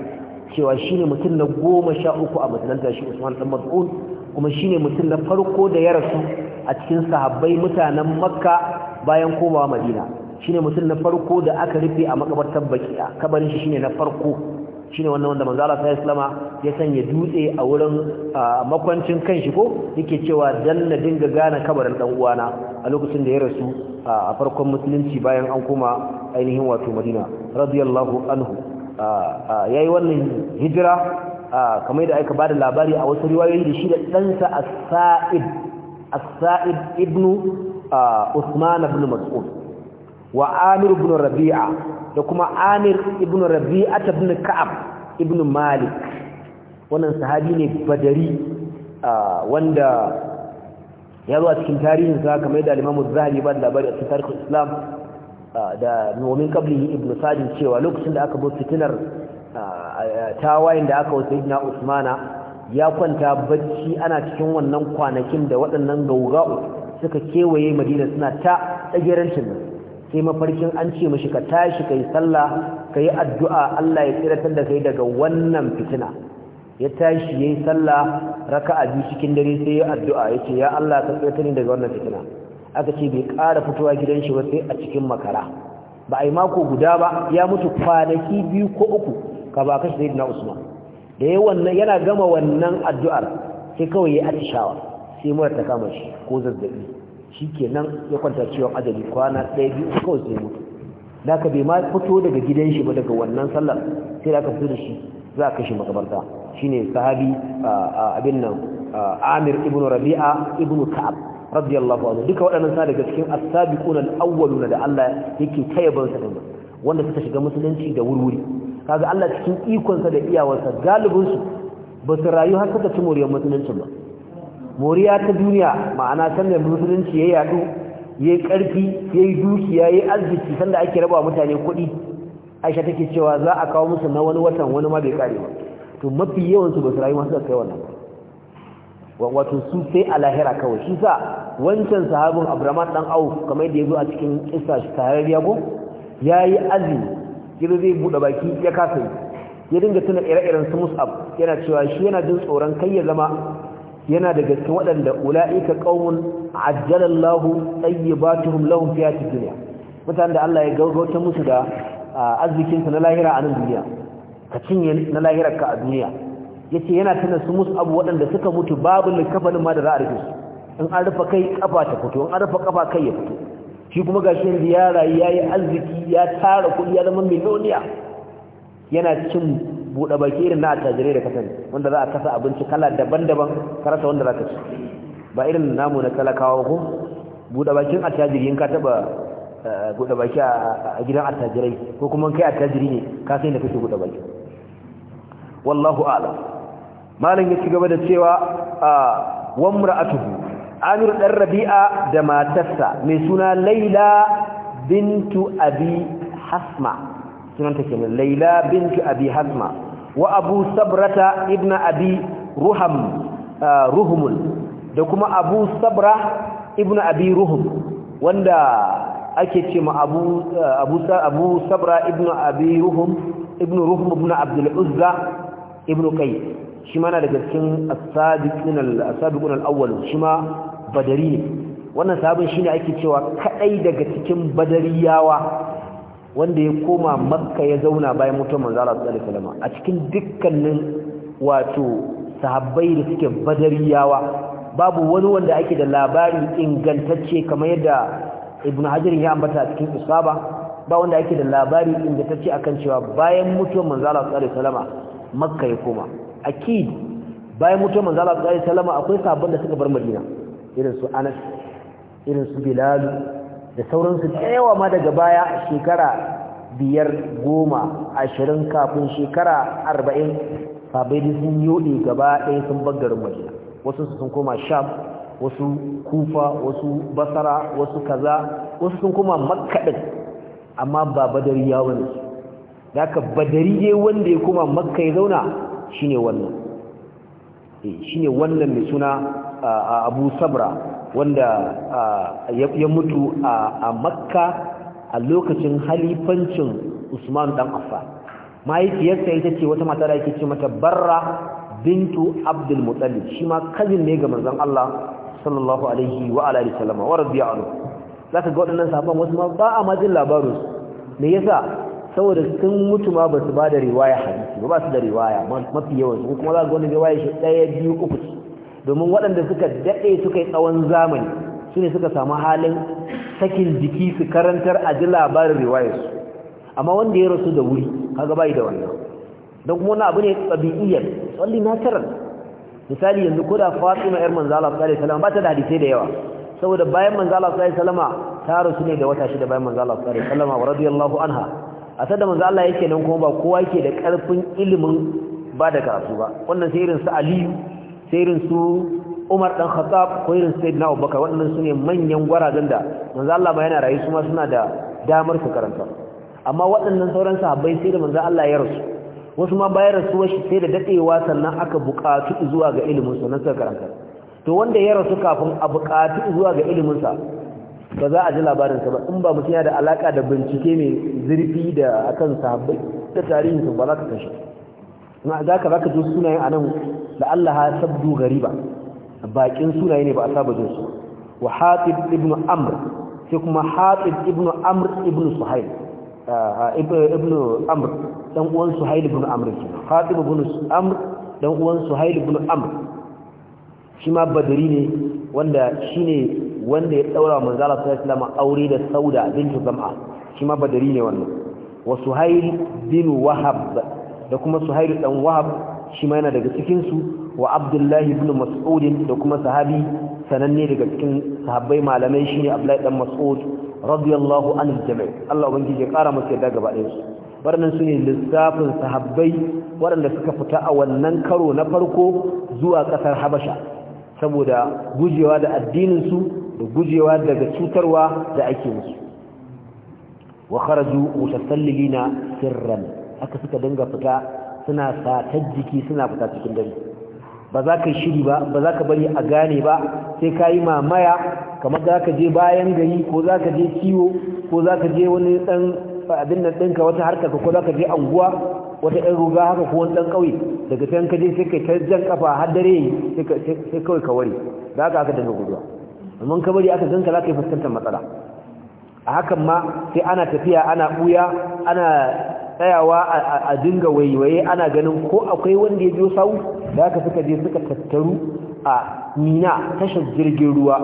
cewa shine mutum na goma sha uku a musulunta shi usman ibn maz'un kuma shine mutum na farko da ya rasu a cikin sahabbai mutanen makka bayan komawa madina shine mutum na farko da aka rufe a makabartar bakiya kabarin shi shine na farko shine wannan wanda manzo Allah sallallahu ya sanya dutse a wurin makwancin kanshi ko yake cewa dan na dinga gane kabarin dan uwana a lokacin da ya rasu a farkon musulunci bayan an koma ainihin wato Madina radiyallahu anhu yayi wannan hijira kamar da aka bada labari a wasu riwayoyi da shi da ɗansa as-sa'id as-sa'id ibn usman ibn mas'ud wa amir ibn rabi'a da kuma amir ibn rabi'a ibn ka'ab ibn malik wannan sahabi ne badari wanda ya zo a cikin tarihin sa kamar da al zahari az ba da labari a cikin tarihin islam da mu'min qabli ibn sa'id cewa lokacin da aka bar fitinar tawayin da aka wasu na usmana ya kwanta bacci ana cikin wannan kwanakin da waɗannan gaugau suka kewaye madina suna ta tsagerancin nan sai mafarkin an ce mashi ka tashi ka yi sallah ka yi addu'a Allah ya tsiratar da kai daga wannan fitina ya tashi ya yi sallah raka a biyu cikin dare sai ya addu'a ya ce ya Allah ka tsira ni daga wannan fitina aka ce bai ƙara fitowa gidan shi ba sai a cikin makara ba a yi mako guda ba ya mutu kwanaki biyu ko uku ka ba kashi sayyidina usman da ya wannan yana gama wannan addu'ar sai kawai ya atishawa sai mura ta kama shi ko zazzabi shikenan ya kwanta ciwon ajali kwana ɗaya biyu kawai sai mutu da ka bai ma fito daga gidan shi ba daga wannan sallar sai da ka fito da shi za a kashe makabarta shine sahabi abin nan amir ibn rabi'a ibn ka'ab radiyallahu anhu duka waɗannan sa daga cikin as-sabiqun al-awwaluna da Allah yake tayabansa din wanda suka shiga musulunci da wurwuri kaga Allah cikin ikonsa da iyawarsa galibin su ba su rayu har suka ci moriyar musulunci ba moriya ta duniya ma'ana da musulunci ya yadu ya yi ƙarfi ya yi dukiya ya yi arziki sanda ake raba mutane kuɗi aisha take cewa za a kawo musu na wani watan wani ma bai kare ba to mafi yawansu ba su rayu suka kai wannan wato su sai a lahira kawai shi sa wancan sahabin Abdurrahman dan au kamar da ya zo a cikin kisa shi tarariya go? ya yi azumi gidan zai buɗe baki ya kasa ya dinga tuna ire-iren su mus'ab yana cewa shi yana jin tsoron kai ya zama yana daga cikin waɗanda ula'ika qaumun ajjalallahu tayyibatuhum lahum fi hadhihi dunya mutanen da Allah ya gaugauta musu da arzikin na lahira a nan duniya ka cinye na lahirarka ka a duniya yace yana tuna su mus'ab waɗanda suka mutu babu likafanin ma da za a rufe su in an rufe kai kafa ta fito in an rufe kafa kai ya fito shi kuma ga shi ya rayu ya yi arziki ya tara kudi ya zama miliyoniya yana cin buɗe baki irin na attajirai da kasan wanda za a kasa abinci kala daban-daban karasa wanda za ka ci ba irin namu na talakawa ko buɗe bakin attajiri in ka taɓa eh, buɗe baki a gidan attajirai ko kuma kai attajiri ne ka sai da kake buɗe baki wallahu a'lam malam ya ci gaba da cewa ah, wa tuhu. amir ɗan rabi'a da matarsa mai suna laila bintu abi hasma sunanta kenan laila bintu abi hasma wa abu sabrata ibna abi ruham uh, Ruhumul, da kuma abu sabra ibn abi ruhum wanda ake ce ma abu uh, abu abu sabra ibna abi ruhum ibn ruhum ibn abdul uzza kai. shi na daga cikin asabiqun al-awwal shi ma badari ne wannan shi shine ake cewa kadai daga cikin badariyawa wanda ya koma makka ya zauna bayan mutum manzo Allah sallallahu alaihi wasallam a cikin dukkanin wato sahabbai da suke badariyawa babu wani wanda ake da labari ingantacce kamar yadda ibnu hajar ya ambata a cikin isaba ba wanda ake da labari ingantacce akan cewa bayan mutum manzo Allah sallallahu alaihi wasallam makka ya koma akid bayan mutum manzo Allah sallallahu alaihi wasallam akwai sabon da suka bar Madina irin su Anas irin su Bilal da sauransu su yawa ma daga baya shekara biyar goma ashirin kafin shekara arba'in sabai da sun yoɗe gaba ɗaya sun bar madina wasu sun koma sham wasu kufa wasu basara wasu kaza wasu sun koma makkaɗin amma ba badari ya wani da ka badari ne wanda ya koma makka ya zauna shine wannan eh, shine wannan mai suna abu sabra wanda ya mutu a makka a lokacin halifancin usman dan affan mahaifiyarsa ita ce wata mata da ce mata barra bintu abdul Muttalib shi ma kazin ne ga manzon Allah sallallahu alaihi wa alihi sallama wa radiya anhu zaka ga waɗannan sahabban wasu ma ba a majin labarin me yasa saboda sun mutu ma ba su ba da riwaya hadisi ba su da riwaya mafi yawan su kuma za ga wani riwaya shi ɗaya biyu uku domin waɗanda suka daɗe suka yi tsawon zamani su ne suka samu halin sakin jiki su karantar a ji labarin riwayar su amma wanda ya rasu da wuri kaga bai da wannan don kuma wani abu ne tsabi'iyyar tsalli tarar misali yanzu ko da fatima yar manzo Allah sallallahu alaihi wasallam ba ta da hadisi da yawa saboda bayan manzo Allah sallallahu alaihi wasallam ta rasu ne da wata shida bayan manzo Allah sallallahu alaihi wasallam radiyallahu anha a sadda manzo Allah yake nan kuma ba kowa yake da karfin ilimin ba da karatu ba wannan sai irin su Aliyu sai irin su Umar dan Khattab ko irin Sayyidina Bakar waɗannan sune manyan gwarazan da manzo Allah ba yana rayu su ma suna da damar su karanta amma waɗannan sauran sahabbai sai da manzo Allah ya rasu wasu ma bayan rasuwar shi sai da dadewa sannan aka buƙatu zuwa ga ilimin su nan suka karanta to wanda ya rasu kafin a buƙatu zuwa ga ilimin sa ba za a ji labarinsa ba in ba mutum yana da alaka da bincike mai zurfi da akan sahabbai da tarihin sun ba za ka kashe na za ka za ka ji sunayen a nan da Allah ha sabdu gariba bakin sunaye ne ba a saba zo su wa hatib ibnu amr sai kuma hatib ibnu amr ibnu suhail ibnu amr dan uwan suhail ibnu amr hatib ibnu amr dan uwan suhail ibnu amr shi ma badri ne wanda shine wanda ya daura manzo Allah sallallahu alaihi wasallam aure da Sauda bintu Zam'a shi ma badari ne wannan wa Suhail bin Wahab da kuma Suhail dan Wahab shi ma yana daga cikin su wa Abdullah ibn Mas'ud da kuma sahabi sananne daga cikin sahabbai malamai shine Abdullah dan Mas'ud radiyallahu anhu jami' Allah ubangiji ya kara musu yadda gaba ɗayan su waɗannan su ne lissafin sahabbai waɗanda suka fita a wannan karo na farko zuwa ƙasar habasha saboda gujewa da addininsu da gujewa daga cutarwa da ake musu wa kharaju mutasallilina sirran aka suka dinga fita suna satar jiki suna fita cikin dare ba za ka shiri ba ba za ka bari a gane ba sai ka yi mamaya kamar za ka je bayan gari ko za ka je kiwo ko za ka je wani dan abin nan ɗinka wata harkar ko za ka je anguwa wata ɗan ruga haka ko wani ɗan ƙauye daga can ka je sai ka jan kafa har dare sai kawai ka wari za ka haka dinga gudu domin ka bari aka ganka za ka fuskantar matsala a hakan ma sai ana tafiya ana buya ana tsayawa a dinga waiwaye ana ganin ko akwai wanda ya biyo sau da aka suka je suka tattaru a mina tashar jirgin ruwa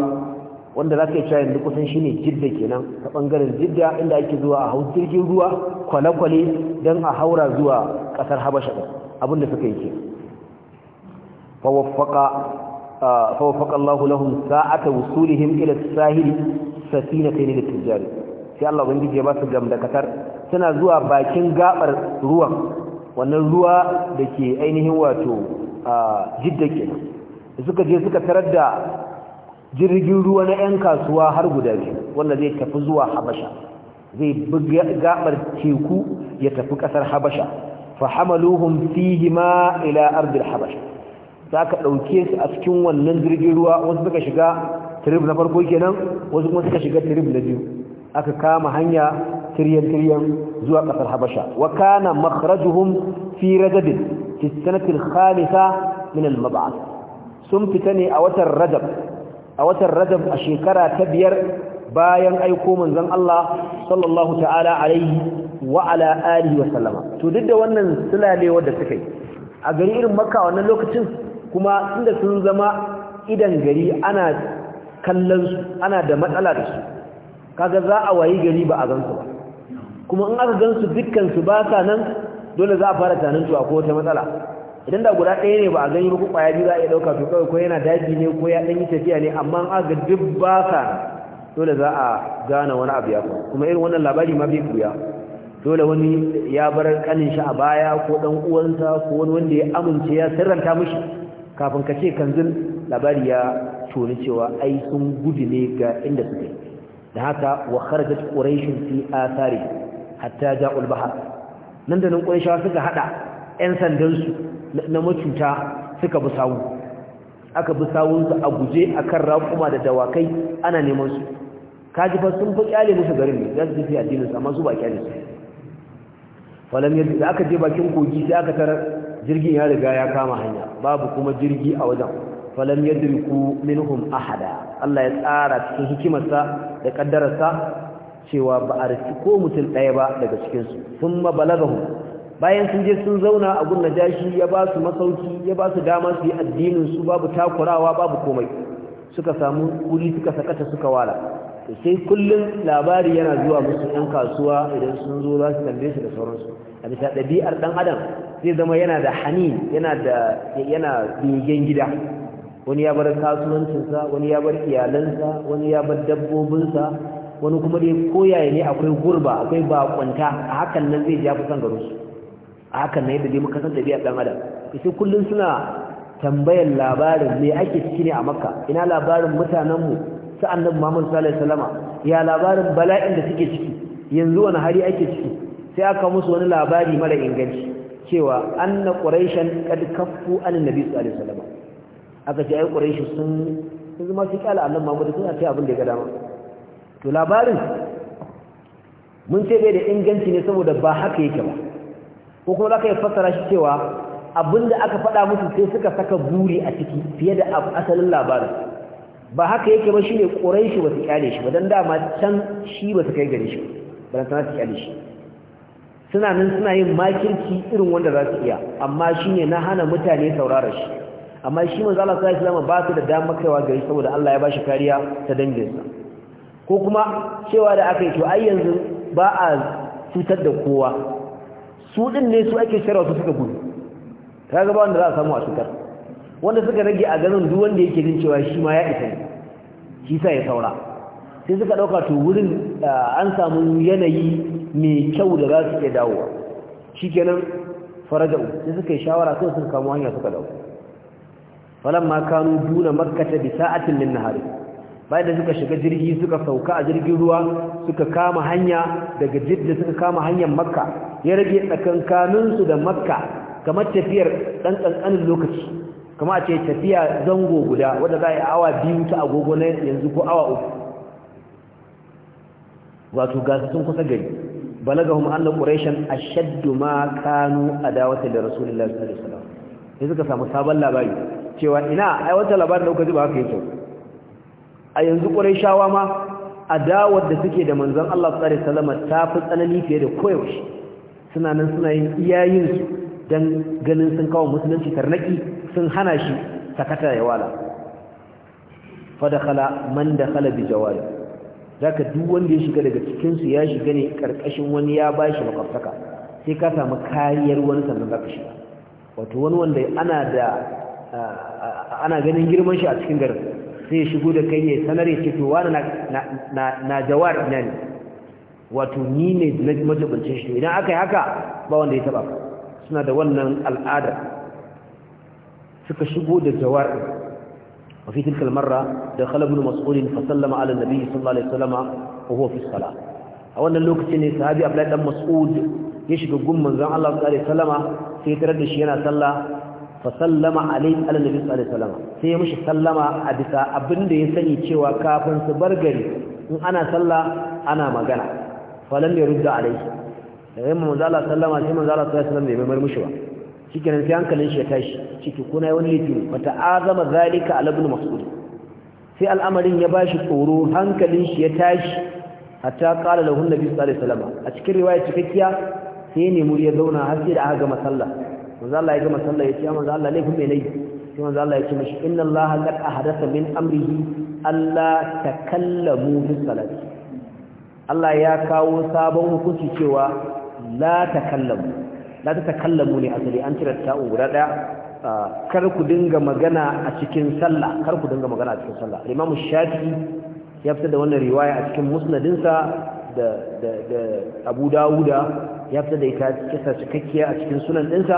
wanda za ka yi yanzu kusan shi ne jidda kenan ta ɓangaren jidda inda ake zuwa a hau jirgin ruwa kwale-kwale don a haura zuwa ƙasar habasha abinda suka yi ke فوفق الله لهم ساعة وصولهم إلى الساحل سفينتين للتجار sai Allah ubangiji ya ba su gamdakatar suna zuwa bakin gabar ruwan wannan ruwa da ke ainihin wato jidda kenan suka je suka tarar da jirgin ruwa na 'yan kasuwa har guda biyu wanda zai tafi zuwa habasha zai bi teku ya tafi ƙasar habasha fa hamaluhum fihima ila ardil habasha za ka ɗauke su a cikin wannan jirgin ruwa wasu suka shiga trip na farko kenan wasu kuma suka shiga trip na biyu aka kama hanya tiryan-tiryan zuwa ƙasar habasha wa kana makhrajuhum fi rajabin fi sanatil khamisa min al sun fita ne a watan rajab a watan rajab a shekara ta biyar bayan aiko manzon Allah sallallahu ta'ala alaihi wa ala alihi wa sallama to duk da wannan sulalewar da suka yi a gari irin makka wannan lokacin kuma inda sun zama idan gari ana kallon su ana da matsala da su kaga za a wayi gari ba a gansu ba kuma in aka gansu dukkan su ba sa nan dole za a fara tanin su ko wata matsala idan da guda ɗaya ne ba a gani ko ƙwaya biyu za a iya ɗauka su kawai ko yana daji ne ko ya ɗan yi tafiya ne amma in aka duk ba sa dole za a gane wani abu ya kuma irin wannan labari ma bai kuya dole wani ya bar kanin shi a baya ko dan uwansa ko wani wanda ya amince ya sirranta mishi kafin ka ce kanzun labari ya toni cewa ai sun gudu ne ga inda suke da haka wa kharajat quraish fi athari hatta ja'u al bahar nan da nan quraishawa suka hada ƴan sandan su na mutunta suka bi sawu aka bi sawun su a guje akan raƙuma da dawakai ana neman su kaji fa sun fi kyale musu garin ne za su fi addinin su amma su ba kyale su falam yadda aka je bakin kogi sai aka tarar jirgin ya riga ya kama hanya babu kuma jirgi a wajen falam yadriku minhum ahada Allah ya tsara cikin hikimarsa da kaddararsa cewa ba a riki ko mutum ɗaya ba daga cikin su thumma balagahum bayan sun je sun zauna a gunna jashi ya ba su masauki ya ba su dama su yi addinin su babu takurawa babu komai suka samu kuri suka sakata suka wala sai kullum labari yana zuwa musu ɗan kasuwa idan sun zo za su tambaye su da sauransu a bisa ɗabi'ar ɗan adam zai zama yana da hani yana da yana bingen gida wani ya bar kasuwancinsa wani ya bar iyalansa wani ya bar dabbobinsa wani kuma dai koyaye ne akwai gurba akwai bakwanta a hakan nan zai ja kusan garo su a hakan nan yadda dai muka san tabi'a dan adam sai kullun suna tambayar labarin me ake ciki ne a makka ina labarin mutanenmu su annabi muhammad sallallahu alaihi wasallama ya labarin bala'in da suke ciki yanzu wani hari ake ciki sai aka musu wani labari mara inganci cewa anna quraishan qad kaffu annabi nabi sallallahu alaihi wasallam aka ce ai quraishi sun zama su kala annabi Muhammad suna ce abin da ya ga dama to labarin mun ce bai da inganci ne saboda ba haka yake ba ko kuma zaka fassara shi cewa abinda aka faɗa musu sai suka saka buri a ciki fiye da asalin labarin ba haka yake ba shine quraishi ba su kyale shi ba dan dama can shi ba su kai gare shi ba dan tana su kyale shi suna nan suna yin makirci irin wanda za su iya amma shi ne na hana mutane saurara shi amma shi manzo Allah sai islama ba su da damar kaiwa gari saboda Allah ya bashi kariya ta danginsa ko kuma cewa da aka yi to ai yanzu ba a cutar da kowa su din ne su ake shirya su suka gudu kaga ba wanda za a samu a cutar wanda suka rage a ganin duk wanda yake jin cewa shi ma ya isa ne shi sai ya saura sai suka ɗauka to wurin an samu yanayi mai kyau da za su iya dawowa shi kenan faraja'u sai suka yi shawara sai suka kamo hanya suka dawo falamma kanu duna makkata bi sa'atin min nahari bayan da suka shiga jirgi suka sauka a jirgin ruwa suka kama hanya daga jidda suka kama hanyar makka ya rage su da makka kamar tafiyar ɗan kankanin lokaci Kamar a ce tafiya zango guda wanda za a yi awa biyu ta agogo na yanzu ko awa uku wato ga sun kusa gari balagahum anna quraishan ashaddu ma kanu adawata da rasulullahi sallallahu alaihi wasallam sai suka samu sabon labari cewa ina ai wata labarin da kuka ji ba haka yake a yanzu quraishawa ma adawar da suke da manzon Allah sallallahu alaihi wasallam ta fi tsanani fiye da koyaushe suna nan suna yin iyayin su dan ganin sun kawo musulunci tarnaki sun hana shi sakata ya wala fa dakhala man dakhala bi jawabi zaka duk wanda ya shiga daga cikin su ya shiga ne karkashin wani ya bashi makwabtaka sai ka samu kariyar wani sannan zaka shiga wato wani wanda ana da ana ganin girman shi a cikin garin sai ya shigo da kai ya sanar ya ce to wani na na na jawar ina ne wato ni ne na majibincin shi idan aka yi haka ba wanda ya taba suna da wannan al'ada suka shigo da jawar وفي تلك المرة دخل ابن مسعود فسلم على النبي صلى الله عليه وسلم وهو في الصلاة أولا لوكتين صحابي أبلاء دم مسعود يشك قم من زعل الله صلى الله عليه وسلم سيترد شينا صلى فسلم عليه على النبي صلى الله عليه وسلم سيمش سلم أبسا أبن دي سني تشوى كافن سبرغري أنا صلى أنا مغانا فلم يرد عليه لما من زعل الله سلم عليه من زعل الله صلى الله عليه وسلم بمرمشوى shi kenan sai hankalin shi ya tashi ciki kuna yawan laifi wata azama zalika ala ibn mas'ud sai al'amarin ya bashi tsoro hankalin shi ya tashi hatta qala lahu annabi sallallahu alaihi wasallam a cikin riwaya cikakkiya sai ne muri ya zauna har sai da aka gama sallah manzo Allah ya gama sallah ya ce manzo Allah laifin me nayi sai manzo Allah ya ce mishi inna Allah lak ahdatha min amrihi Allah takallamu fi salati Allah ya kawo sabon hukunci cewa la takallamu la ta takallamu ne asali an cire ta'u guda daya ah, kar ku dinga magana a cikin sallah kar ku dinga magana a cikin sallah Imam Shafi'i ya fitar da wannan riwaya a cikin musnadinsa da da da Abu Dawuda ya fitar da ita kisa cikakkiya a cikin sunan dinsa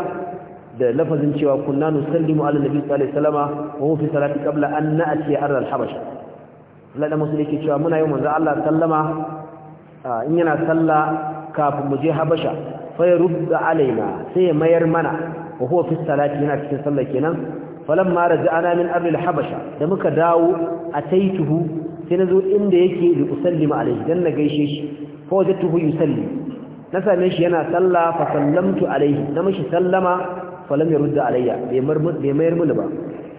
da lafazin cewa kunna nusallimu ala nabi sallallahu alaihi wasallama wa huwa fi salati qabla an na'ti arra al-habasha Allah da musulmi yake cewa muna yi manzo Allah sallama ah, in yana sallah kafin mu je Habasha fayarudda alaina sai ya mayar mana wa huwa fi yana cikin sallah kenan falamma raja'ana min arli habasha. da muka dawo a ataituhu sai nazo inda yake li usallima alaihi dan na gaishe shi fa wajadtuhu yusalli na same shi yana sallah fa sallamtu alaihi da mushi sallama falam yurda alayya bai mayar mana ba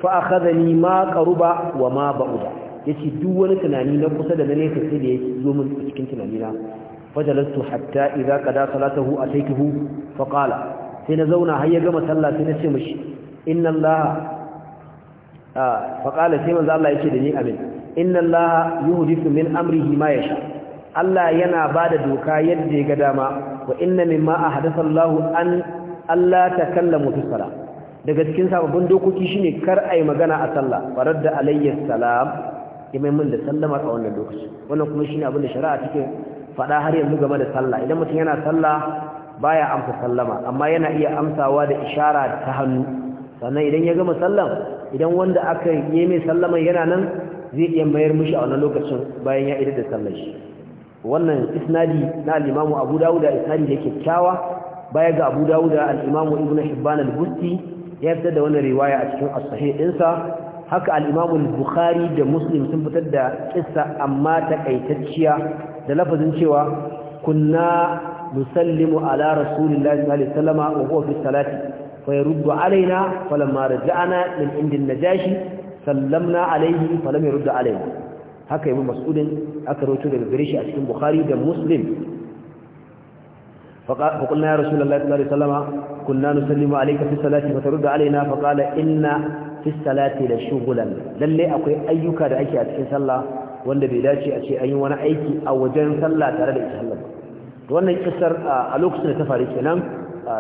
fa akhadhani ma qaruba wa ma ba'uda yace duk wani tunani na kusa da na nesa sai da yake zo mun cikin tunanina. fajalastu hatta idza qada salatahu ataytuhu fa qala sai na zauna har ya gama sallah sai na ce mishi inna allaha ah sai manzo Allah da ni amin inna allaha yuhdithu min amrihi ma yasha Allah yana bada doka yadda ya ga dama wa inna mimma ahdatha Allahu an Allah takallamu fi salat daga cikin sababbin dokoki shine kar yi magana a sallah faradda alayhi salam a wannan wannan kuma shine shari'a faɗa har yanzu game da sallah idan mutum yana sallah baya amsa sallama amma yana iya amsawa da ishara ta hannu sannan idan ya gama sallan idan wanda aka yi mai sallaman yana nan zai iya mayar mishi a wannan lokacin bayan ya idar da sallar shi wannan isnadi na al Abu Dawud da isnadi da kyakkyawa baya ga Abu Dawud da al-Imam Ibn Hibban al-Busti ya fitar da wannan riwaya a cikin as-sahih ɗinsa haka al al-Bukhari da Muslim sun fitar da kissa amma takaitacciya da lafazin cewa kunna nusallimu ala rasulillahi sallallahu wa huwa fi salati fa alaina falamma raja'na min indin najashi sallamna falam alaina haka mas'udin aka rawaito daga shi a cikin bukhari da muslim فقلنا يا رسول الله صلى الله عليه وسلم كنا نسلم عليك في الصلاة wanda bai dace a ce an yi wani aiki a wajen sallah tare da ita Allah ba wannan kisar a lokacin da ta faru kenan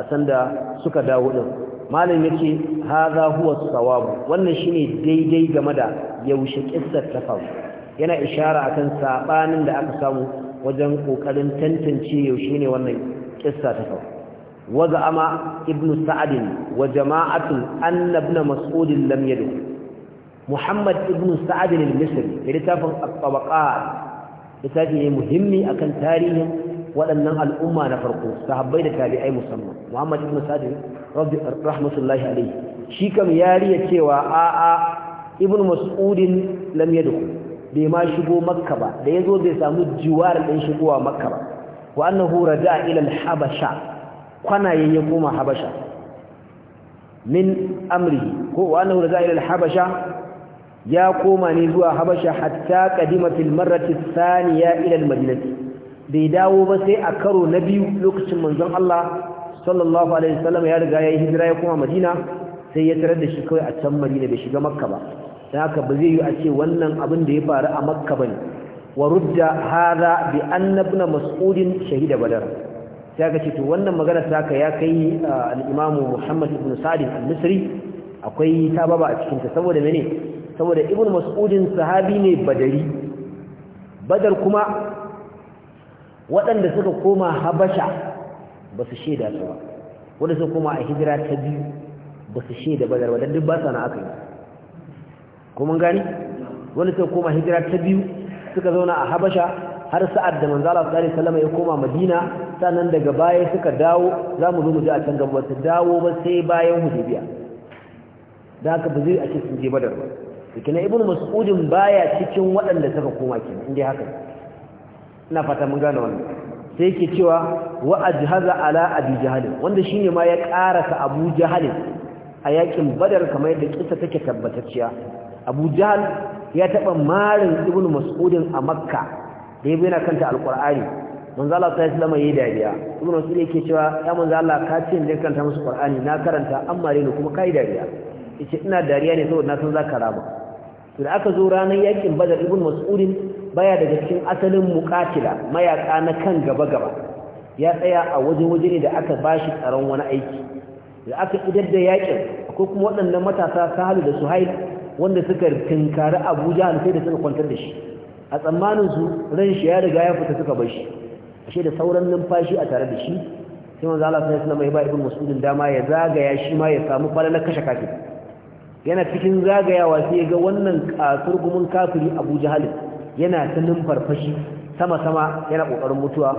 sanda suka dawo din malam yace hadha huwa sawab wannan shine daidai game da yaushe kissar ta faru yana ishara akan sabanin da aka samu wajen kokarin tantance yaushe ne wannan kissa ta faru وزعم ابن سعد وجماعة أن ابن مسعود لم يدخل muhammad ibn sa'ad al-misri da littafin at-tabaqat littafi ne muhimmi akan tarihin waɗannan al'umma na farko sahabbai da tabi'ai musamman muhammad ibn sa'ad rahmatullahi alayhi shi kam yariya cewa a'a ibn mas'udin lam yadkhul bai ma shigo makka ba da yazo bai samu jiwar din shigowa makka ba wa annahu raja'a ila al-habasha kana yayye kuma habasha min amri ko wa annahu raja'a ila al-habasha ya koma ne zuwa habasha hatta qadimatil marrati Saniya, ila almadinati bai dawo ba sai a karo na biyu lokacin manzon Allah sallallahu alaihi wasallam ya riga ya yi hijira ya koma madina sai ya tarar da shi kawai a can madina bai shiga makka ba dan haka ba zai yi a ce wannan abin da ya faru a makka bane wa rudda hadha bi Mas'udin, ibn shahida badar sai aka ce to wannan magana ta ka ya kai ah, al imamu muhammad ibn sa'id al-misri akwai tababa a cikin ta saboda mene saboda ibn mas'udin sahabi ne badari badar kuma waɗanda suka koma habasha ba su shaida su ba wanda suka koma a hijira ta biyu ba su shaida badar don duk ba su na aka yi kuma gani wanda suka koma hijira ta biyu suka zauna a habasha har sa'ad da Allah sallallahu alaihi wasallam ya koma madina sannan daga baya suka dawo zamu zo mu ji a can gaba su dawo ba sai bayan hudaybiya da haka ba zai a ce sun je badar ba kina Ibn mas'udin baya cikin waɗanda suka koma kenan indai haka ina fata mun gane wannan sai yake cewa wa ajhaza ala abi jahl wanda shine ma ya karasa abu jahl a yakin badar kamar yadda kisa take tabbatacciya abu jahl ya taba marin Ibn mas'udin a makka da yana kanta alqur'ani manzo Allah sai alaihi yayi dariya Ibn mas'ud yake cewa ya manzo Allah ka ce ne kanta musu qur'ani na karanta amma ne kuma kai dariya yace ina dariya ne saboda na san zaka raba to da aka zo ranar yakin badar ibn mas'udin baya daga cikin asalin muqatila mayaka na kan gaba gaba ya tsaya a waje waje ne da aka bashi tsaron wani aiki da aka idar da yakin akwai kuma waɗannan matasa Sahalu da Suhail wanda suka tinkari Abuja sai da suka kwantar da shi a tsammanin su ran shi ya riga ya fita suka bar shi ashe da sauran numfashi a tare da shi sai manzo Allah sai alaihi wasallam ba ibn mas'udin dama ya zagaya shi ma ya samu falalar kashe kafin yana cikin zagayawa sai ya ga wannan surgumin kafiri abu jahalin yana ta numfarfashi sama-sama yana ƙoƙarin mutuwa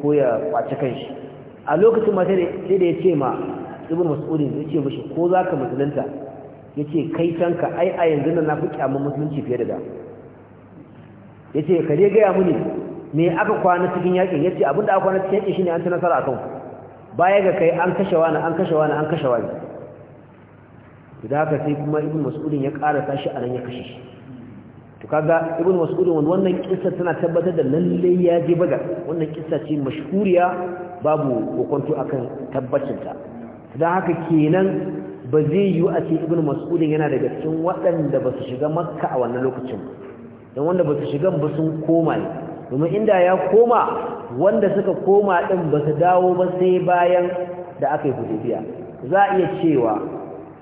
ko ya kwace kanshi a lokacin ma sai da ya ce ma ibn mas'udin ya ce mashi ko za ka musulunta ya ce kai canka ai a yanzu nan na fi kyamun musulunci fiye da da ya ce ka je gaya muni me aka kwana cikin yakin ya ce abinda aka kwana cikin yakin shine an ci nasara a kan baya ga kai an kashe wani an kashe wani an kashe wani da haka sai kuma ibn mas'udin ya karasa shi a nan ya kashe shi to kaga ibn mas'udin wannan kissa tana tabbatar da lalle ya je baga wannan kissa ce mashhuriya babu kokonto akan tabbacin ta da haka kenan ba zai yi a ce ibn mas'udin yana daga cikin waɗanda ba su shiga makka a wannan lokacin ba. don wanda ba su shiga ba sun koma ne domin inda ya koma wanda suka koma din ba su dawo ba sai bayan da aka yi hudubiya za a iya cewa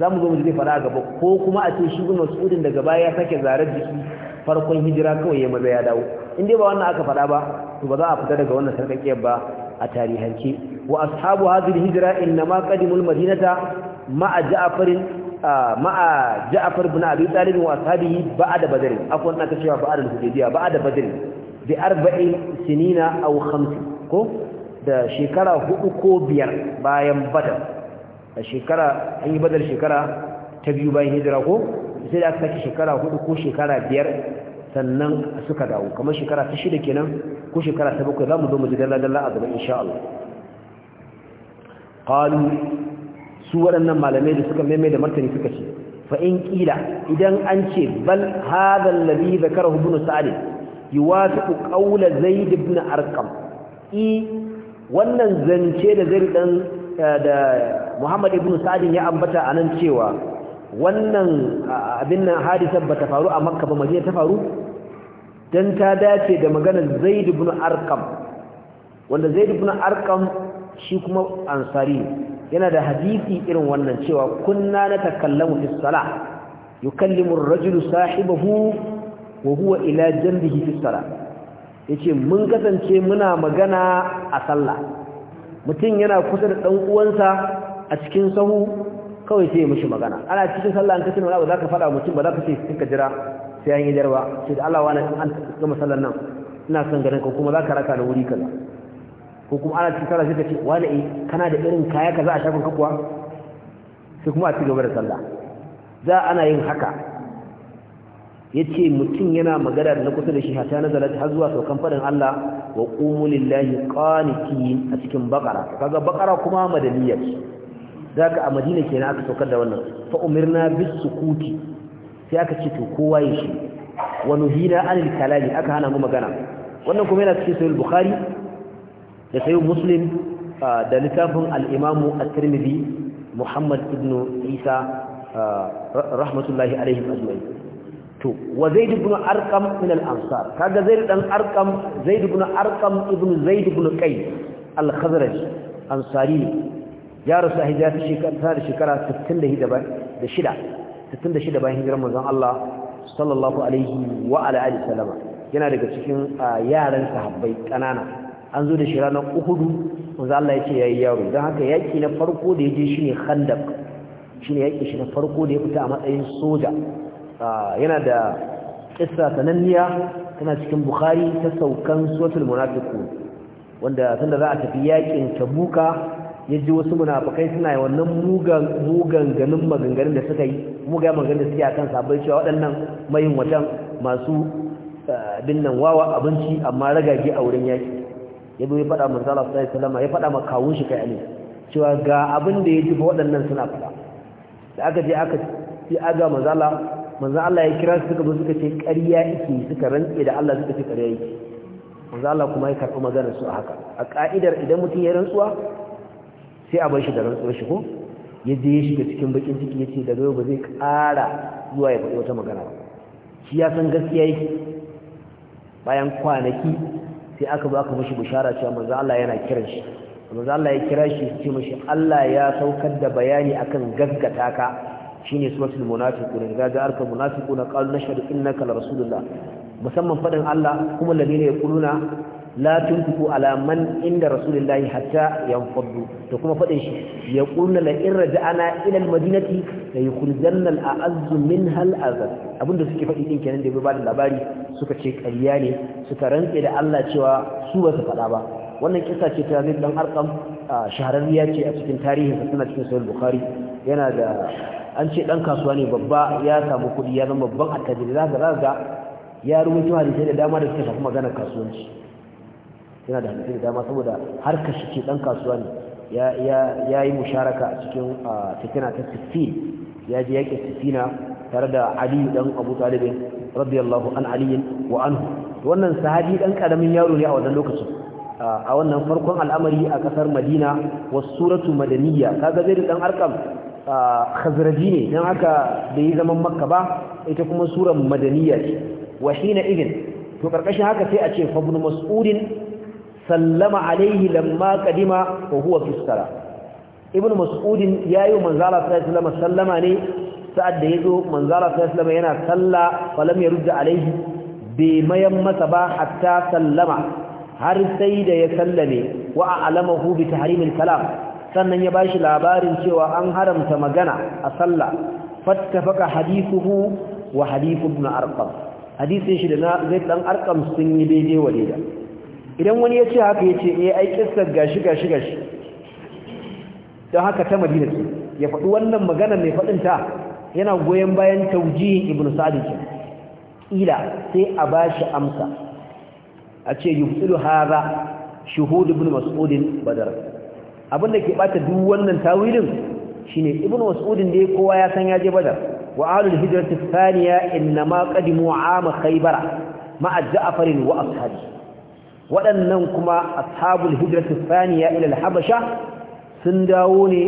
za mu zo mu zai fara gaba ko kuma a ce shi ibn mas'udin daga baya ya sake zarar jiki farkon hijira kawai ya maza ya dawo in dai ba wannan aka faɗa ba to ba za a fita daga wannan sarkakiyar ba a tarihance wa ashabu hadhihi hijra inma qadimul madinata ma'a ja'far ma'a ja'far ibn abi talib wa ashabihi ba'da badr afwan aka cewa ba'da hudaybiya ba'da badr bi arba'in sinina aw khams ko da shekara hudu ko biyar bayan badar a shekara an yi badar shekara ta biyu bayan hijira ko sai da aka sake shekara hudu ko shekara biyar sannan suka dawo kamar shekara ta shida kenan ko shekara ta bakwai za mu zo mu ji dalla-dalla a gaba insha Allah qalu su waɗannan malamai da suka maimai da martani suka ce fa in kila idan an ce bal hadha alladhi zakarahu ibn sa'd yuwafiqu qawla zaid ibn arqam i e, wannan zance da zaid dan da Muhammad ibn Sa'd ya ambata anan cewa wannan abin nan hadisar bata faru a Makka ba Madina ta faru dan ta dace da maganar Zaid ibn Arqam wanda Zaid ibn Arqam shi kuma ansari yana da hadisi irin wannan cewa kunna na takallamu fi salah yukallimu ar-rajulu sahibahu wa huwa ila janbihi fi salah yace mun kasance muna magana a sallah mutum yana kusa da ɗan uwansa a cikin sahu kawai sai ya mishi magana ana cikin sallah an kace ba za ka fada mutum ba za ka ce sai ka jira sai an yi jarwa sai da Allah wani an gama sallar nan ina son ganin ka kuma za ka raka da wuri kaza ko kuma ana cikin sallah sai ka ce wani eh kana da irin kaya kaza a shafin ka kuwa sai kuma a ci gaba da sallah za ana yin haka yace mutum yana magana da na kusa da shi hata nazala har zuwa saukan fadin Allah wa qumu lillahi qanitin a cikin bakara kaga bakara kuma madaniyya ce zaka a madina kenan aka saukar da wannan fa umirna bis sukuti sai aka ce to kowa ya shi wa nuhina anil kalali aka hana mu magana wannan kuma yana cikin sahih bukhari da sahih muslim da littafin al-imamu at-tirmidhi muhammad ibn isa rahmatullahi alaihi ajma'in to wa zaid ibn arqam min al ansar kaga zaid dan arqam zaid ibn arqam ibn zaid ibn qais al khazraj ansari ya rasu hijira shekara shekara 66 da shida 66 bayan hijirar manzon Allah sallallahu alaihi wa ala alihi sallama yana daga cikin yaran sahabbai kanana an zo da shi ranar uhudu manzon Allah ya ce yayi yaro dan haka yaki na farko da yaje shine khandaq ne yaki shi na farko da ya fita a matsayin soja yana da kissa sananniya tana cikin bukhari ta saukan suratul munafiqun wanda tunda za a tafi yakin tabuka yaji wasu munafikai suna wannan mugan mugan ganin maganganun da suka yi mugan maganganun da suke akan sabon cewa waɗannan mayin wajen masu binnan wawa abinci amma ragage a wurin yaki zo ya faɗa manzo Allah sallallahu alaihi wasallam ya faɗa ma kawun shi kai ali cewa ga abin da ya ji waɗannan suna faɗa da aka je aka ci aga manzo manzo Allah ya kira su suka zo suka ce ƙarya yake suka rantse da Allah suka ce ƙarya yake manzo Allah kuma ya karɓi maganar su a haka a ka'idar idan mutum ya rantsuwa sai a bar shi da rantsuwar shi ko ya je ya shiga cikin bakin ciki ya ce daga yau ba zai ƙara zuwa ya faɗi wata magana ba shi ya san gaskiya yake bayan kwanaki sai aka ba aka mishi bishara cewa manzo Allah yana kiran shi manzo Allah ya kira shi ya ce mishi Allah ya saukar da bayani akan gaskata ka shine suratul munafiqun idza ja'alka munafiquna qalu nashhadu innaka la rasulullah musamman fadin Allah kuma ladina yaquluna la tunfiqu ala man inda rasulullahi hatta yanfaddu to kuma fadin shi yaquluna la in raja'ana ila almadinati la yukhrijanna al'azzu minha al'azab abinda suke fadi din kenan da ba da labari suka ce ƙarya ne suka rantse da Allah cewa su ba su fada ba wannan kisa ce ta zai dan harkam shahararriya ce a cikin tarihin suna cikin sahih bukhari yana da an ce dan kasuwa ne babba ya samu kuɗi ya zama babban attajiri za ka za ya rubuta hadisai da dama da suka shafi magana kasuwanci yana da hadisai da dama saboda harkar shi ce dan kasuwa ne ya ya ya yi musharaka cikin fitina ta sifin ya je yaƙi sifina tare da ali dan abu talib radiyallahu an ali wa anhu wannan sahabi dan karamin yaro ne a wannan lokacin a wannan farkon al'amari a kasar madina wasu suratu madaniya kaga zai dan arkam khazraji ne dan haka da yi zaman makka ba ita kuma surar madaniya ce wa hina idin to karkashin haka sai a ce fa ibn mas'udin sallama alaihi lamma qadima wa huwa fi ibn mas'udin yayi manzala sallallahu alaihi sallama ne sa'ad da yazo manzala sallallahu yana salla fa lam yurda alaihi bi mayan masa ba hatta sallama har sai da ya sallame wa a'lamahu bi tahrimil kalam sannan ya ba shi labarin cewa an haramta magana a sallah fattafaka hadithuhu wa hadithu ibn arqam hadisin shi da na zai dan arqam sun yi daidai wa idan wani ya ce haka ya ce eh ai kissar gashi gashi gashi don haka ta madina ce ya faɗi wannan magana mai faɗin ta yana goyen bayan taujihi ibn sa'id ila sai a bashi amsa a ce yufsilu hadha shuhud ibn mas'ud badar abinda ke bata duk wannan tawilin shine ibnu mas'udin da kowa ya san ya je badar wa ahlul hijrati thaniya inma qadimu am khaybar ma'a ja'far wa ashabi waɗannan kuma ashabul hijrati thaniya ila al-habasha sun dawo ne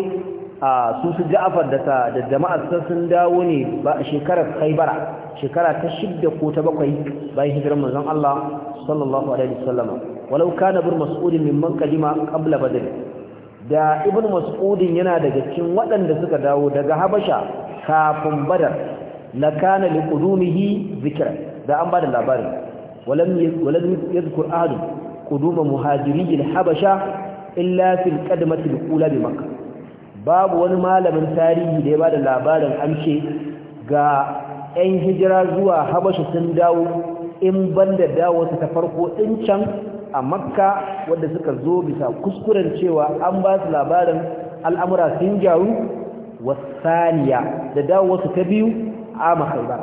a su su ja'far da ta da jama'ar sa sun dawo ne ba shekarar khaybar shekara ta 6 ko ta 7 bayan hijrar manzon Allah sallallahu alaihi wasallam walau kana bir mas'udin mimman qadima qabla badr da ibn mas'udin yana daga cikin waɗanda suka dawo daga habasha kafin badar la kana li qudumihi zikra da an bada labarin walam walam yadhkur ahad qudum muhajiri al-habasha illa fil qadmati al-ula bi makkah babu wani malamin tarihi da ya bada labarin amshe ga 'yan hijira zuwa habasha sun dawo in banda dawo ta farko din can a makka wadda suka zo bisa kuskuren cewa an ba su labarin al'amura sun gyaru saniya da dawo wasu ta biyu a mahaibar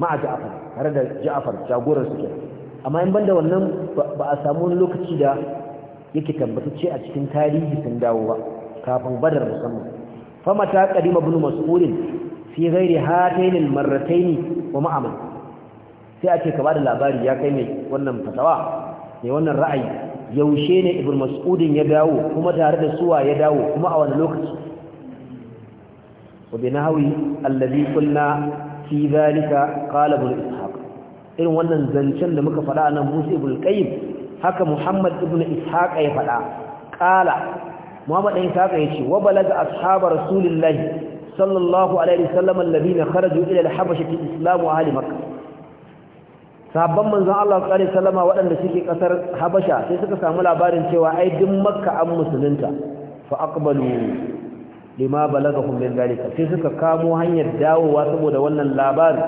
ma'a ja'afar tare da ja'afar jagorar suke. amma in banda wannan ba a samu wani lokaci da yake ce a cikin tarihi sun dawo ba kafin badar musamman fama ta kadima ibn mas'ud fi ghairi hatayn marataini wa sai ake ka da labari ya kai mai wannan fasawa. ne wannan ra'ayi yaushe ne ibn mas'udin ya dawo kuma tare da suwa ya dawo kuma a wani lokaci wa bi nahwi allazi qulna fi zalika qala ibn ishaq irin wannan zancen da muka faɗa nan Musa ibn qayyim haka Muhammad ibn ishaq ya faɗa qala Muhammad ibn ishaq ya ce wa balaga ashabu rasulillahi sallallahu alaihi wasallam alladhina kharaju ila al-habashati islamu ahli makkah sabon manzon Allah sallallahu alaihi wasallam waɗanda suke kasar Habasha sai suka samu labarin cewa ai duk Makka an musulunta fa aqbalu lima balagahum min dalika sai suka kamo hanyar dawowa saboda wannan labari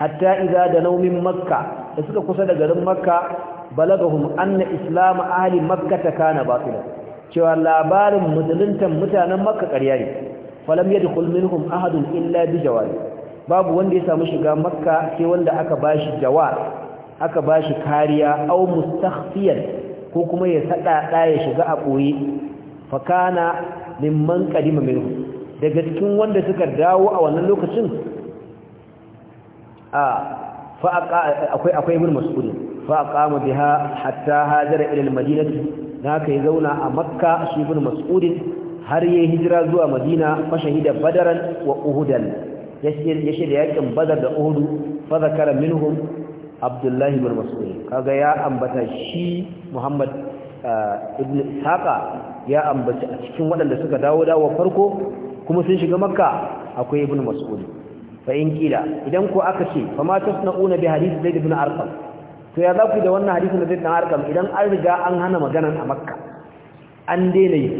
hatta idza da naumin Makka da suka kusa da garin Makka balagahum anna islam ahli Makka ta kana batila cewa labarin musuluntan mutanen Makka ƙarya ne lam yadkhul minhum ahadun illa bi jawabi babu wanda ya samu shiga Makka sai wanda aka bashi jawar aka ba shi kariya au mustakhfiyan ko kuma ya sada ya shiga a koyi fa kana mimman qadima minhu daga cikin wanda suka dawo a wannan lokacin a fa akwai akwai ibn mas'ud fa qama biha hatta hajara ila al-madinati naka ya zauna a makka shi ibn mas'ud har ya hijira zuwa madina fa shahida badaran wa uhudan yashir da yakin badar da uhud fa zakara minhum abdullahi bin mas'ud kaga ya ambata shi muhammad uh, ibn ishaqa ya ambaci a cikin waɗanda suka dawo dawo farko kuma sun shiga makka akwai ibn mas'ud fa in kila idan ko aka ce fa ma tasna'una bi hadith zaid ibn arkam? to ya za zaku da wannan hadisin zai zaid ibn arqam idan an riga an hana maganan a makka an daina yi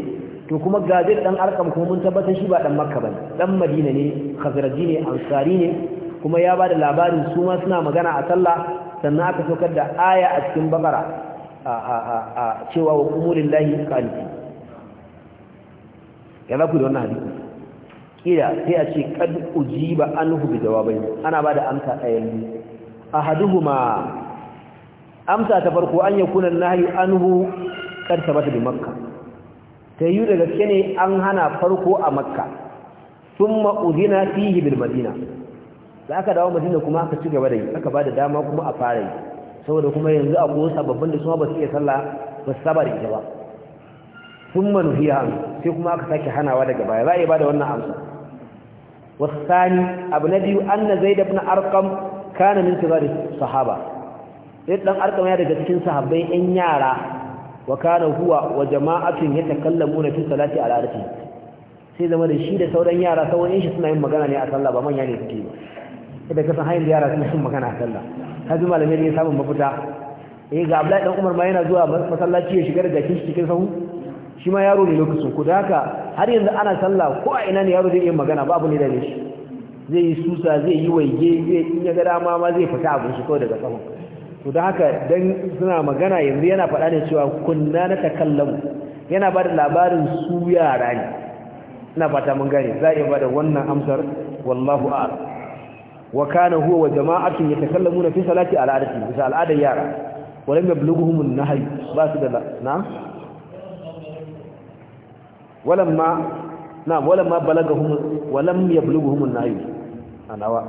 to kuma ga zaid dan arqam kuma mun tabbatar shi ba dan makka ba ne? dan madina ne khazraji ne ansari ne kuma ya bada labarin su ma suna magana a sallah sannan aka saukar da aya a cikin bakara a cewa wa kumulin lahi kalifi ya za ku da wannan hadisi kila sai a ce kad ujiba anhu bi jawabai ana bada amsa ɗayan biyu ahaduhuma amsa ta farko an yakuna nahyu anhu kad sabata bi makka tayu da gaske ne an hana farko a makka thumma ma'udina fihi bil madina da aka dawo madina kuma aka ci gaba da yi aka ba da dama kuma a fara yi saboda kuma yanzu a ko sababbin da su ba su iya sallah ba su saba da ita ba sun hannu, sai kuma aka sake hanawa daga baya za a yi ba da wannan amsa wasani abu na biyu an na zai da na arkam kana min su sahaba ɗin ɗan arkam ya daga cikin sahabbai yan yara wa kana huwa wa jama'atun ya takallamu na fi salati al'arfi sai zama da shi da sauran yara sauran yin shi suna yin magana ne a sallah ba manya ne suke ba da kasan hanyar da yara suna shin magana a sallah kaji malamai ne samun mafita eh ga Abdullahi dan Umar ma yana zuwa masallaci ya shiga da gakin cikin sahu shi ma yaro ne lokacin ku da haka har yanzu ana sallah ko a ina ne yaro zai yi magana babu ne da ne shi zai yi susa zai yi waige zai yi ya ga dama ma zai fita abin shi kawai daga sahu to da haka dan suna magana yanzu yana faɗa ne cewa kunna na takallamu yana ba da labarin su yara ne ina fata mun gane za a iya ba da wannan amsar wallahu a'lam wa kana huwa wa jama'atun yatakallamuna fi salati al'adati bisa al'adar yara walam yablughuhum an-nahy ba su da na walamma na walamma balagahum walam yablughuhum an-nahy anawa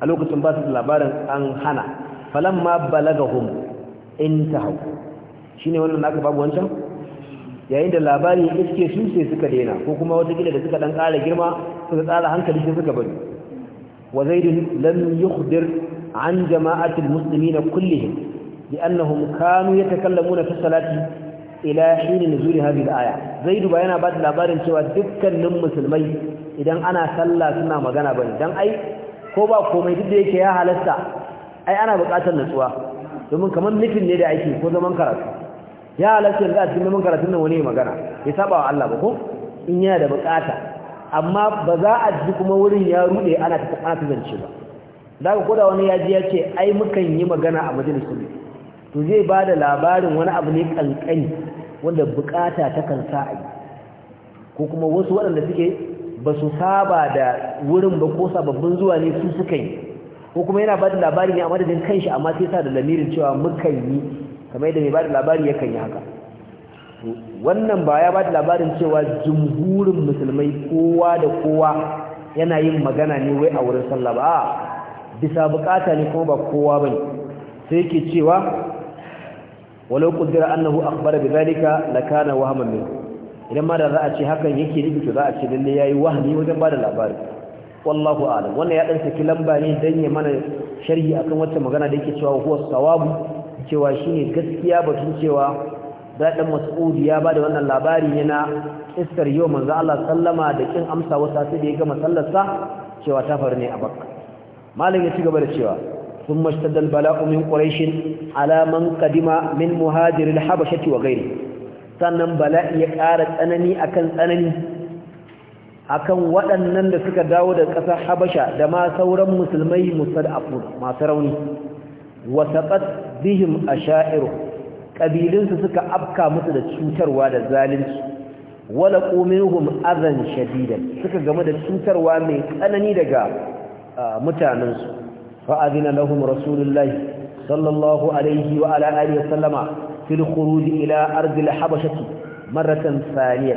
a lokacin ba su da labarin an hana falamma balagahum intahu shine wannan naka babu wancan yayin da labari iske su sai suka daina ko kuma wata gida da suka dan ƙara girma suka tsara hankali sai suka bari وزيد لم يخبر عن جماعة المسلمين كلهم لأنهم كانوا يتكلمون في الصلاة إلى حين نزول هذه الآية زيد بيانا بعد لابارن سوى دكا للمسلمين إذن أنا صلى سنة مغانا بني إذن أي كوبا كومي ديك يا هلسة أي أنا بقاتل نسوى domin kamar nufin ne da aiki ko zaman karatu ya halatta yanzu a cikin zaman karatun nan wani magana ya saba wa Allah ba ko in yana da bukata amma ba za a ji kuma wurin ya rude ana ta ta zance ba da ga koda wani ya ji ya ce ai mukan yi magana a majalisu ne to zai ba da labarin wani abu ne kankani wanda bukata ta kan sa ko kuma wasu waɗanda suke ba su saba da wurin ba ko sababbin zuwa ne su suka yi ko kuma yana ba da labari ne a madadin kanshi amma sai sa da lamirin cewa mukan yi kamar yadda mai ba da labari yakan yi haka wannan ba ya ba da labarin cewa jumhurin musulmai kowa da kowa yana yin magana ne wai a wurin sallah ba bisa bukata ne kuma ba kowa ba ne sai yake cewa walau kudura annahu akhbara bi zalika lakana wahman min idan ma da za a ce hakan yake ne to za a ce lalle yayi wahmi wajen ba da labari wallahu a'lam wannan ya dan saki lamba ne dan ya mana sharhi akan wata magana da yake cewa huwa sawabu cewa shine gaskiya batun cewa daɗin mas'udi ya ba da wannan labari ne na iskar yau manzan Allah sallama da kin amsa wasa sai da ya gama sallarsa cewa ta faru ne a bakka malam ya ci gaba da cewa sun mashtadal bala'u min quraishin alaman kadima min muhajirin al-habashati wa ghairi sannan bala'i ya ƙara tsanani akan tsanani akan waɗannan da suka dawo da ƙasar Habasha da ma sauran musulmai musad'afun masu rauni wa taqat a ashairu ƙabilinsu suka afka musu da cutarwa da zalunci wala ƙominhum azan shadidan suka game da cutarwa mai tsanani daga mutanensu fa'azina lahum rasulullahi sallallahu alaihi wa ala alihi sallama fil khuruj ila ardil habashati marratan thaniya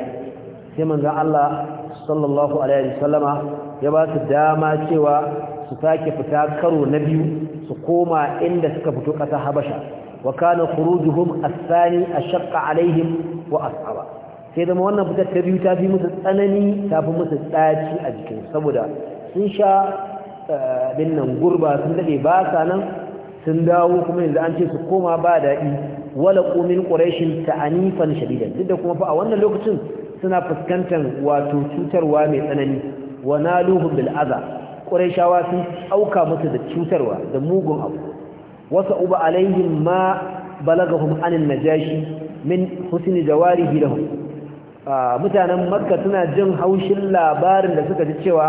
sai manzon Allah sallallahu alaihi wa sallama ya ba su dama cewa su sake fita karo na biyu su koma inda suka fito ƙasa habasha وكان خروجهم الثاني أشق عليهم وأصعب sai zama wannan fitar ta biyu ta fi musu tsanani ta fi musu tsaci a jikin saboda sun sha binnan gurba sun daɗe ba sa nan sun dawo kuma yanzu an ce su koma ba daɗi wala ƙomin ƙurashin ta'anifan shadidan duk da kuma fa a wannan lokacin suna fuskantar wato cutarwa mai tsanani wa naluhum bil aza ƙurashawa sun auka musu da cutarwa da mugun abu wasa uba alaihim ma balagahum anin najashi min husni jawarihi lahum mutanen makka suna jin haushin labarin da suka ji cewa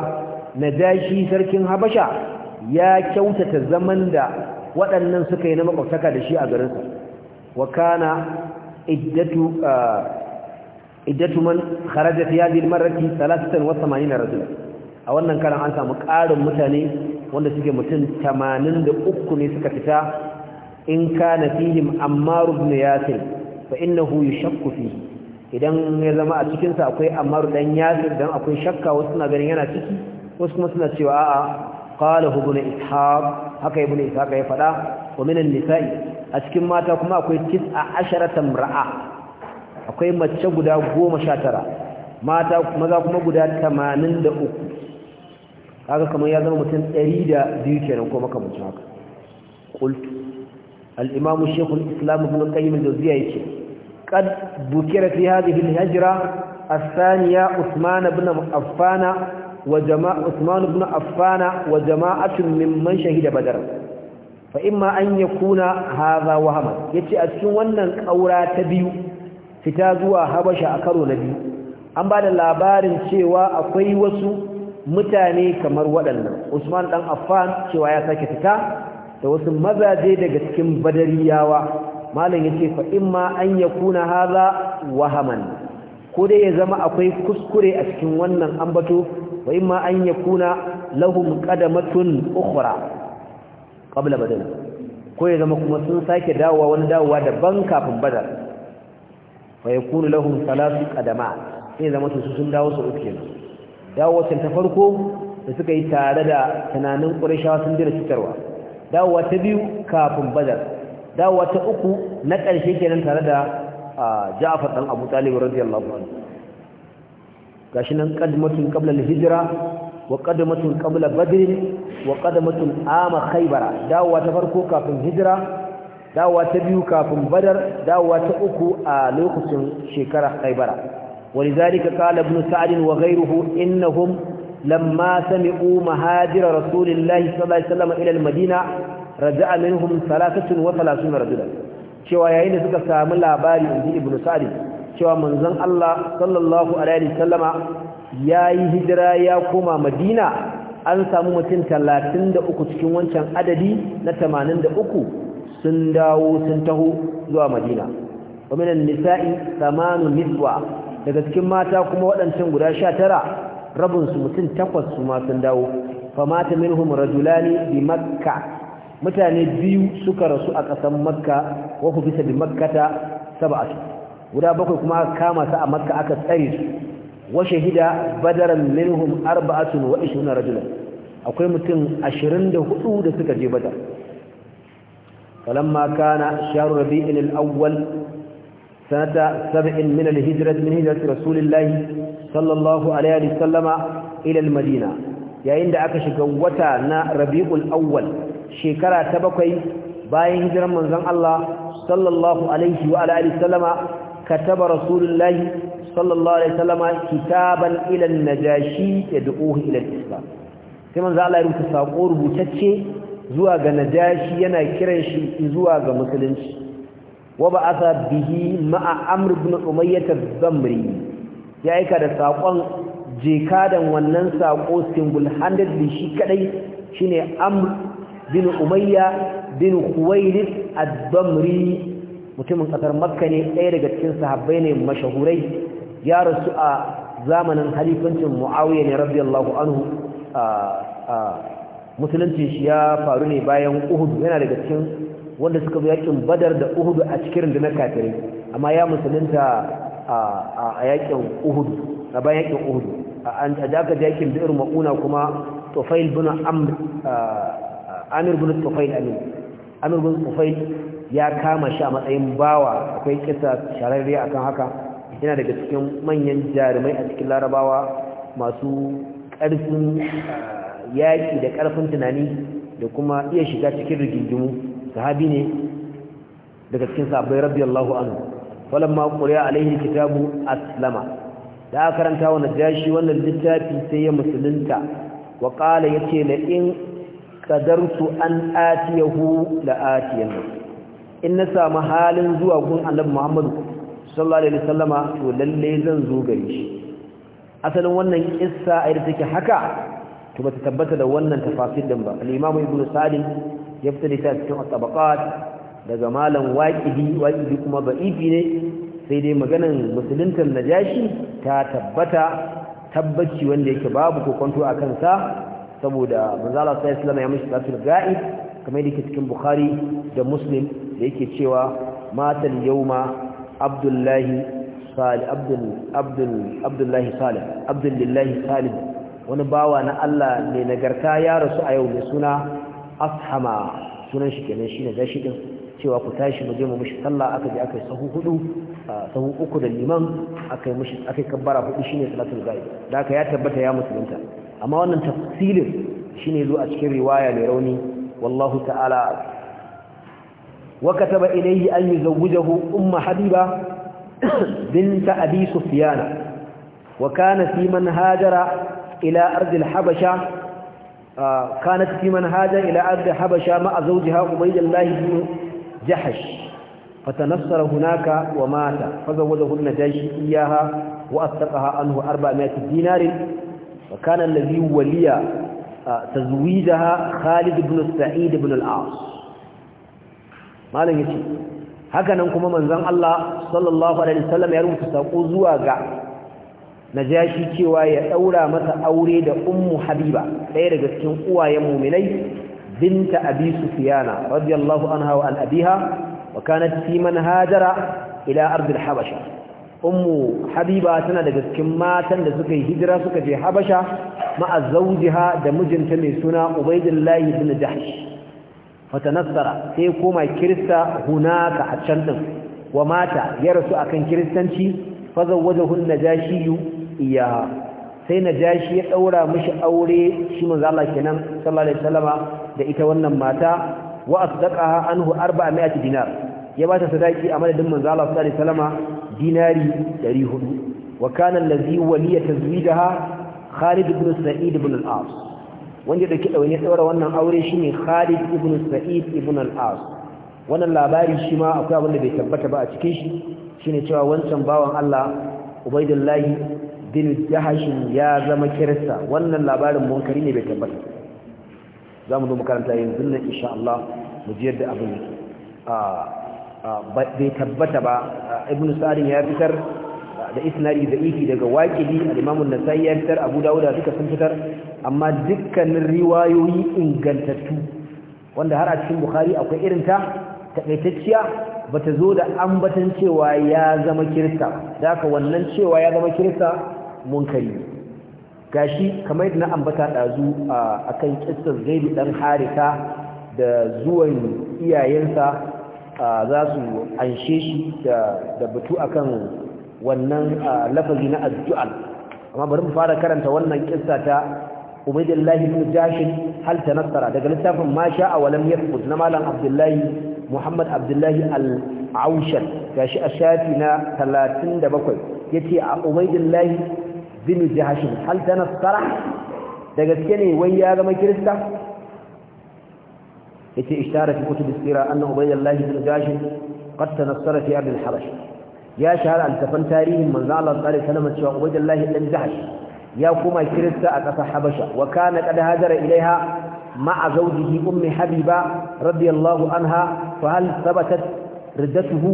najashi sarkin habasha ya kyautata zaman da waɗannan suka yi na makwabtaka da shi a su. wa kana iddatu iddatu man kharaja fi al-marrati 83 rajulan a wannan karan an samu ƙarin mutane wanda suke mutum 83 ne suka fita in kana fihim ammar ibn yasir fa innahu yashakku fi idan ya zama a cikin sa akwai ammar dan yasir dan akwai shakka wasu na ganin yana ciki wasu kuma suna cewa a'a qala ibn ishaq haka ibn ishaq ya fada wa minan nisa'i a cikin mata kuma akwai tis'a asharatan ra'a akwai mace guda 19 mata maza kuma guda 83 kaga kamar ya zama mutum 102 kenan ko makamancin haka qultu al-imam shaykh islam ibn qayyim al-jawziyya yace qad bukira fi hadhihi al-hijra الثانية عثمان بن عفان وجماعة عثمان بن عفان وجماعة ممن شهد بدر فإما أن يكون هذا وهما يتي أتكون wannan ƙaura ta biyu fita zuwa habasha a karo na biyu an ba da labarin cewa akwai wasu mutane kamar waɗannan usman dan affan cewa ya sake fita da wasu mazaje daga cikin badariyawa malam yace fa ma an yakuna haza wahaman ko dai ya zama akwai kuskure a cikin wannan ambato wa ma an yakuna lahum qadamatun ukhra qabla badal ko ya zama kuma sun sake dawowa wani dawowa daban kafin badal fa yakunu lahum salatu qadama sai zama su sun dawo su uke. dawowa ta farko da suka yi tare da tunanin ƙurashawa sun jira cutarwa dawowa ta biyu kafin badar dawowa ta uku na ƙarshe kenan tare da ja'afar ɗan abu talib radiyallahu anhu shi nan qadmatun qabla al-hijra wa qadmatun qabla badr wa qadmatun ama khaybara dawowa ta farko kafin hijira dawowa ta biyu kafin badar dawowa ta uku a lokacin shekarar khaybara ولذلك قال ابن سعد وغيره إنهم لما سمعوا مهاجر رسول الله صلى الله عليه وسلم إلى المدينة رجع منهم ثلاثة وثلاثون رجلا cewa yayin da suka samu labari inji ibnu sa'id cewa manzon Allah sallallahu alaihi wasallama yayi hijira ya koma Madina an samu mutum 33 cikin wancan adadi na 83 sun dawo sun taho zuwa Madina wa minan nisa'i thamanu niswa daga cikin mata kuma waɗancan guda sha tara rabinsu mutum takwas su masu dawo famata minhum rajulani bi makka mutane biyu suka rasu a ƙasar makka wa ku bisa bi makkata saba'atu guda bakwai kuma aka kama su a makka aka tsare su wa shahida badaran minhum arba'atun wa na rajulan akwai mutum ashirin da hudu da suka je badar falamma kana sharu rabi'il al-awwal سنة سبع من الهجرة من هجرة رسول الله صلى الله عليه وسلم إلى المدينة yayin da aka shiga wata na rabi'ul awwal shekara ta bakwai bayan hijiran manzon Allah sallallahu alaihi wa alihi sallama kataba rasulullahi sallallahu alaihi sallama kitaban ila najashi yad'uhu ila al-islam kuma manzon Allah ya rubuta sako rubutacce zuwa ga najashi yana kiran shi zuwa ga musulunci wa ba'atha bihi ma'a amr ibn umayyah az-zamri ya aika da sakon jekadan wannan sako single handedly shi kadai shine amr bin umayya bin khuwaylid ad-damri mutumin kasar makka ne ɗaya daga cikin sahabbai ne mashahurai ya rasu a zamanin halifancin muawiya ne radiyallahu anhu musulunci shi ya faru ne bayan uhud yana daga cikin wanda suka bi yakin badar da uhudu a cikin rundunar kafirai amma ya musulunta a yakin uhudu a bayan yakin uhudu a daga yakin bi'ir mauna kuma tufail bin amir bin tufail amir bin tufail ya kama shi a matsayin bawa akwai kisa shararriya akan haka yana daga cikin manyan jarumai a cikin larabawa masu ƙarfin yaƙi da ƙarfin tunani da kuma iya shiga cikin rigingimu sahabi ne daga cikin sahabbai radiyallahu anhu walamma quriya alaihi kitabu aslama da karanta wa najashi wannan littafi sai ya musulunta wa qala yace la in qadartu an atiyahu la atiyanna in na samu halin zuwa gun annabi Muhammad sallallahu alaihi wasallama to lalle zan zo gare shi asalin wannan kissa ai da take haka to bata tabbata da wannan tafasir din ba al-imamu ibnu salim ya fita da ita cikin tabaqat daga malam waqidi kuma ba'ifi ne sai dai maganan musuluntar najashi ta tabbata tabbaci wanda yake babu kokonto a kansa saboda manzala sai islam ya mishi tafsir ga'ib kamar yake cikin bukhari da muslim da yake cewa matan yauma abdullahi abdul abdullahi abdullahi wani bawa na Allah ne nagarta ya rasu a yau mai suna afhama sunan shi kenan shine gashi din cewa ku tashi mu je mu mishi sallah aka je aka yi sahu hudu sahu uku da liman aka yi mishi aka yi kabbara hudu shine salatul ghaib da aka ya tabbata ya musulunta amma wannan tafsirin shine zo a cikin riwaya mai rauni wallahu ta'ala wa kataba ilayhi an yuzawwijahu umma habiba binta abi sufyan wa kana fi man hajara ila ardil habasha كانت في منهاجا إلى أرض حبشة مع زوجها عبيد الله بن جحش فتنصر هناك ومات فزوجه النجاشي إياها وأثقها عنه 400 دينار وكان الذي ولي تزويجها خالد بن سعيد بن العاص malam yace haka nan kuma manzon Allah sallallahu alaihi wasallam ya rubuta sako zuwa ga najashi cewa ya daura masa aure da ummu habiba ɗaya daga cikin uwayen mu'minai binta abi sufyana radiyallahu anha wa an abiha wa kanat fi man hajara ila ardil habasha ummu habiba tana daga cikin matan da suka yi hijira suka je habasha ma'a zawjiha da mijinta mai suna ubaidullahi ibn jahsh fatanassara sai koma kirista hunaka a can din wa mata ya rasu akan kiristanci fazawwajahu an-najashi iyaha sai najashi ya daura mashi aure shi manzo kenan sallallahu alaihi salama da ita wannan mata wa asdaqaha anhu 400 dinar ya bata sadaki a madadin manzo Allah sallallahu alaihi salama dinari 400 wa kana allazi waliya ha Khalid ibn Sa'id ibn as wanda da kida wani daura wannan aure shine Khalid ibn Sa'id ibn as wannan labari shi ma akwai abin da bai tabbata ba a cikin shi shine cewa wancan bawan Allah Ubaidullahi bin jahashin ya zama kirista wannan labarin munkari ne bai tabbata za mu zo makaranta yanzu nan isha Allah mu ji yadda abin bai tabbata ba ibn sa'adin ya fitar da isnadi da ifi daga wakili, al-imam an ya fitar abu dawud duka sun fitar amma dukkanin riwayoyi ingantattu wanda har a cikin bukhari akwai irin ta takaitacciya bata zo da ambatan cewa ya zama kirista da haka wannan cewa ya zama kirista munkari gashi kamar yadda na ambata dazu akan kissar Zaid dan Harika da zuwan iyayensa za su anshe shi da batu akan wannan lafazi na addu'a amma bari mu fara karanta wannan kissa ta Ubaidillahi ibn Jashin hal tanassara daga littafin masha sha'a wa lam yafuz na malam Abdullahi Muhammad Abdullahi Al-Aushan gashi a shafi na 37 yace a Ubaidillahi bin jahashin hal ta nasara da gaske ne wai ya zama kirista ya ce fi kutu bisira annan ubayyallahi bin jahashin qad tanassara fi ardil habash ya shahara altafan tarihin manzo Allah sallallahu alaihi wasallam cewa ubayyallahi dan jahash ya kuma kirista a kasar habasha wa kana qad hajara ilaiha ma'a zawjihi ummi habiba radiyallahu anha fa hal thabatat riddatuhu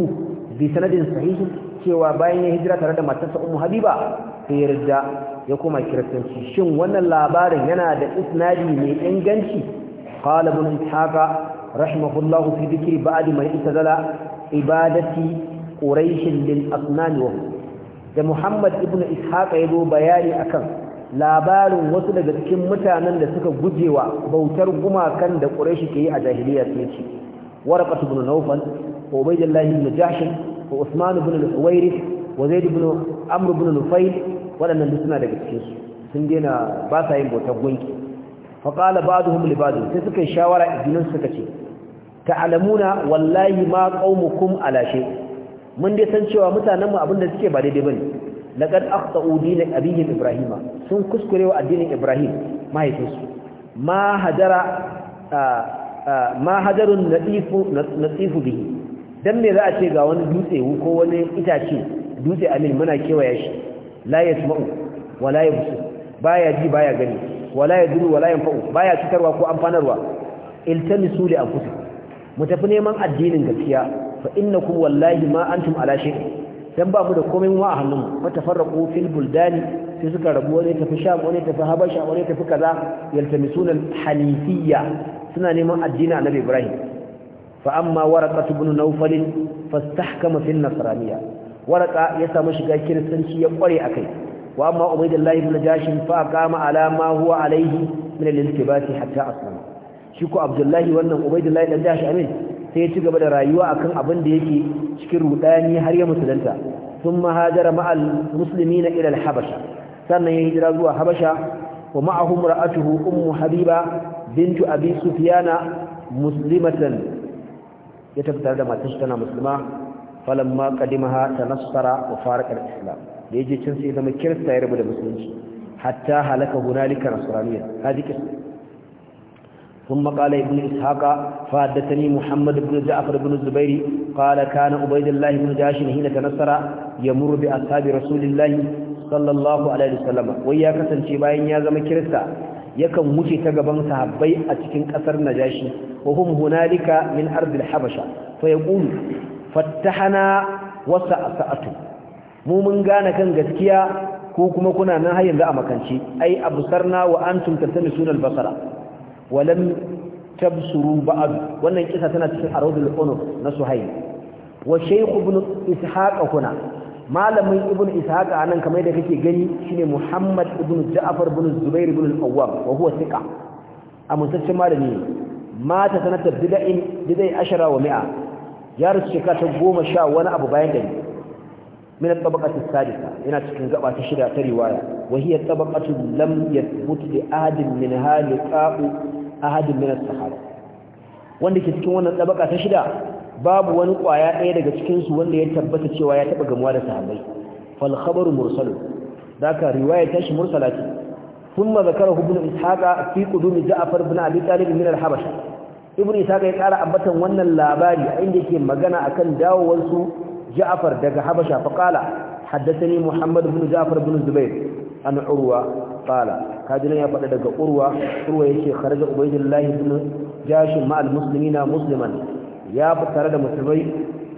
bi sanadin sahih cewa bayan ya hijira tare da matarsa ummu habiba sai yarda ya kuma kiristanci shin wannan labarin yana da isnadi mai inganci qala ibn ishaqa rahimahullahu fi dhikri ba'd man itadala ibadati quraish lil asnam wa da muhammad ibn ishaqa zo bayani akan labarin wasu daga cikin mutanen da suka gujewa bautar gumakan da quraish ke yi a jahiliya sai ce warqat ibn nawfal ubaydullah ibn jahsh wa usman ibn al-huwairith wa zaid ibn amr ibn nufayl wadannan duk suna daga cikin su sun daina ba sa yin bautar gunki fa qala ba'dhum li ba'd sai suka shawara ibnin suka ce ta'lamuna wallahi ma qaumukum ala shay mun dai san cewa mutanen mu abinda suke ba daidai bane laqad akhta'u din abihim ibrahima sun kuskure wa addinin ibrahim mahaifinsu ma hadara ma hadarun bihi dan me za a ce ga wani dutse ko wani itace dutse alil muna kewaya shi la yasma'u wala yabsir baya ji baya gani wala yadru wala yanfa'u baya cikarwa ko amfanarwa iltamisu li anfusikum mu tafi neman addinin gaskiya fa innakum wallahi ma antum ala shay'in dan ba mu da komai mu a hannunmu fatafarraqu fil buldani sai suka rabu wani tafi sham wani tafi habasha wani tafi kaza yaltamisuna halifiyya suna neman addini annabi ibrahim fa amma waraqat ibn nawfal fastahkama fil nasraniyya waraka ya samu shiga kiristanci ya kware a wa amma ubaydullah ibn jashin fa qama ala ma huwa alayhi min al-iltibati hatta aslama shi ko abdullahi wannan ubaydullah dan jashi amin sai ya ci gaba da rayuwa akan abin da yake cikin rudani har ya musulunta thumma hajara ma'a al-muslimina ila al-habasha sannan ya hijira zuwa habasha wa ma'ahum ra'atuhu ummu habiba bintu abi sufyana muslimatan ya tabbatar da matar tana musulma falamma qadimaha tanassara wa farqa al-islam da yaje cin sai zama kirista ya rabu da musulunci hatta halaka hunalika nasraniyya hadi kisa ثم قال ابن إسحاق فحدثني محمد بن جعفر بن الزبير قال كان عبيد الله بن جاش حين تنصر يمر بأصحاب رسول الله صلى الله عليه وسلم ويا kasance bayan ya zama kirista yakan wuce ta gaban sahabbai a cikin kasar najashi wa hum hunalika min ardil habasha fa yaqulu fattahana wasa sa'atu mu mun gane kan gaskiya ko kuma kuna nan har yanzu a makance ai absarna wa antum tatamisuna al-basara wa lam tabsuru ba'd wannan kisa tana cikin aradul unuf na suhayl wa shaykh ibn ishaq kuna malamin ibn ishaq anan kamar da kake gani shine muhammad ibn ja'far ibn zubair ibn al-awwam wa huwa thiqa amutaccen malami mata sanata bid'in bid'ai ashara wa mi'a ya rasu shekara ta goma sha wani abu bayan da ne من الطبقة الثالثة هنا تكون قبعة شدة رواية وهي طبقة لم يثبت لأحد منها لقاء أحد من الصحابة wanda ke cikin wannan tabaka ta shida babu wani kwaya ɗaya daga cikinsu wanda ya tabbata cewa ya taɓa gamuwa da sahabbai fal khabaru mursal daka riwaya ta shi mursala ce Sun thumma zakara ibn ishaqa fi qudum ja'far ibn abi talib min al habasha ibri isa ya kara ambatan wannan labari a inda yake magana akan dawowar su ja'far daga habasha fa qala haddathani muhammad ibn ja'far ibn zubair an urwa qala kadina ya faɗa daga urwa urwa yake kharaja ubaydullah ibn jashin ma muslimina musliman ya fitare da musulmai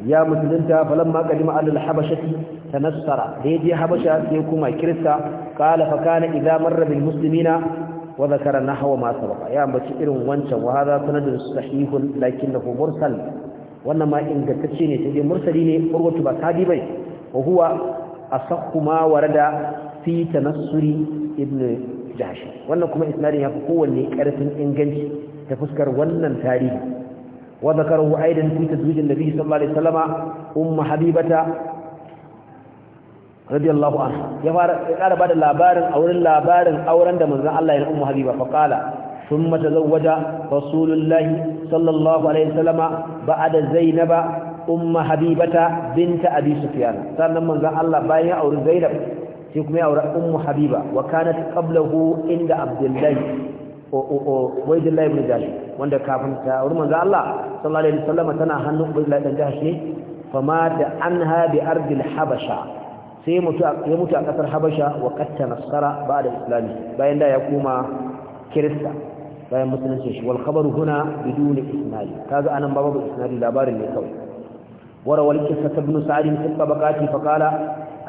ya musulunta falamma kadima al-habashati tanassara da yaje habasha sai kuma kirista kala fa kana idza marra bil muslimina wa zakara nahwa ma sabaqa ya irin wancan wa hadha sanadun sahihun lakinnahu mursal wannan ma ingantacce ne sai mursali ne urwatu ba sadi bai wa huwa asahhu ma warada fi tanassuri ibn jahsh wannan kuma isnadin fi kowanne karfin inganci ta fuskar wannan tarihi wa zakarahu aidan fi tazwijin nabi sallallahu alaihi wasallama umma habibata radiyallahu anhu ya fara ya ƙara bada labarin auren labarin auren da manzon Allah ya ummu habiba fa qala thumma tazawwaja rasulullahi sallallahu alaihi wasallama ba'da zainaba umma habibata binta abi sufyan sannan manzon Allah bayan ya auri zainab shi kuma ya auri ummu habiba wa kanat qablahu inda Abdullahi, o o o waydullah ibn jash wanda kafin ta aure manzon Allah sallallahu alaihi wasallam tana hannun ubaydullah ibn jash ne famata anha bi ardil habasha sai ya mutu a kasar habasha wa katta nasara ba da islami bayan da ya koma kirista bayan musulunci shi wal khabaru huna bidun isnadi kaga anan babu isnadi labarin ne kawai wara wal kissa ibn sa'id ibn tabaqati fa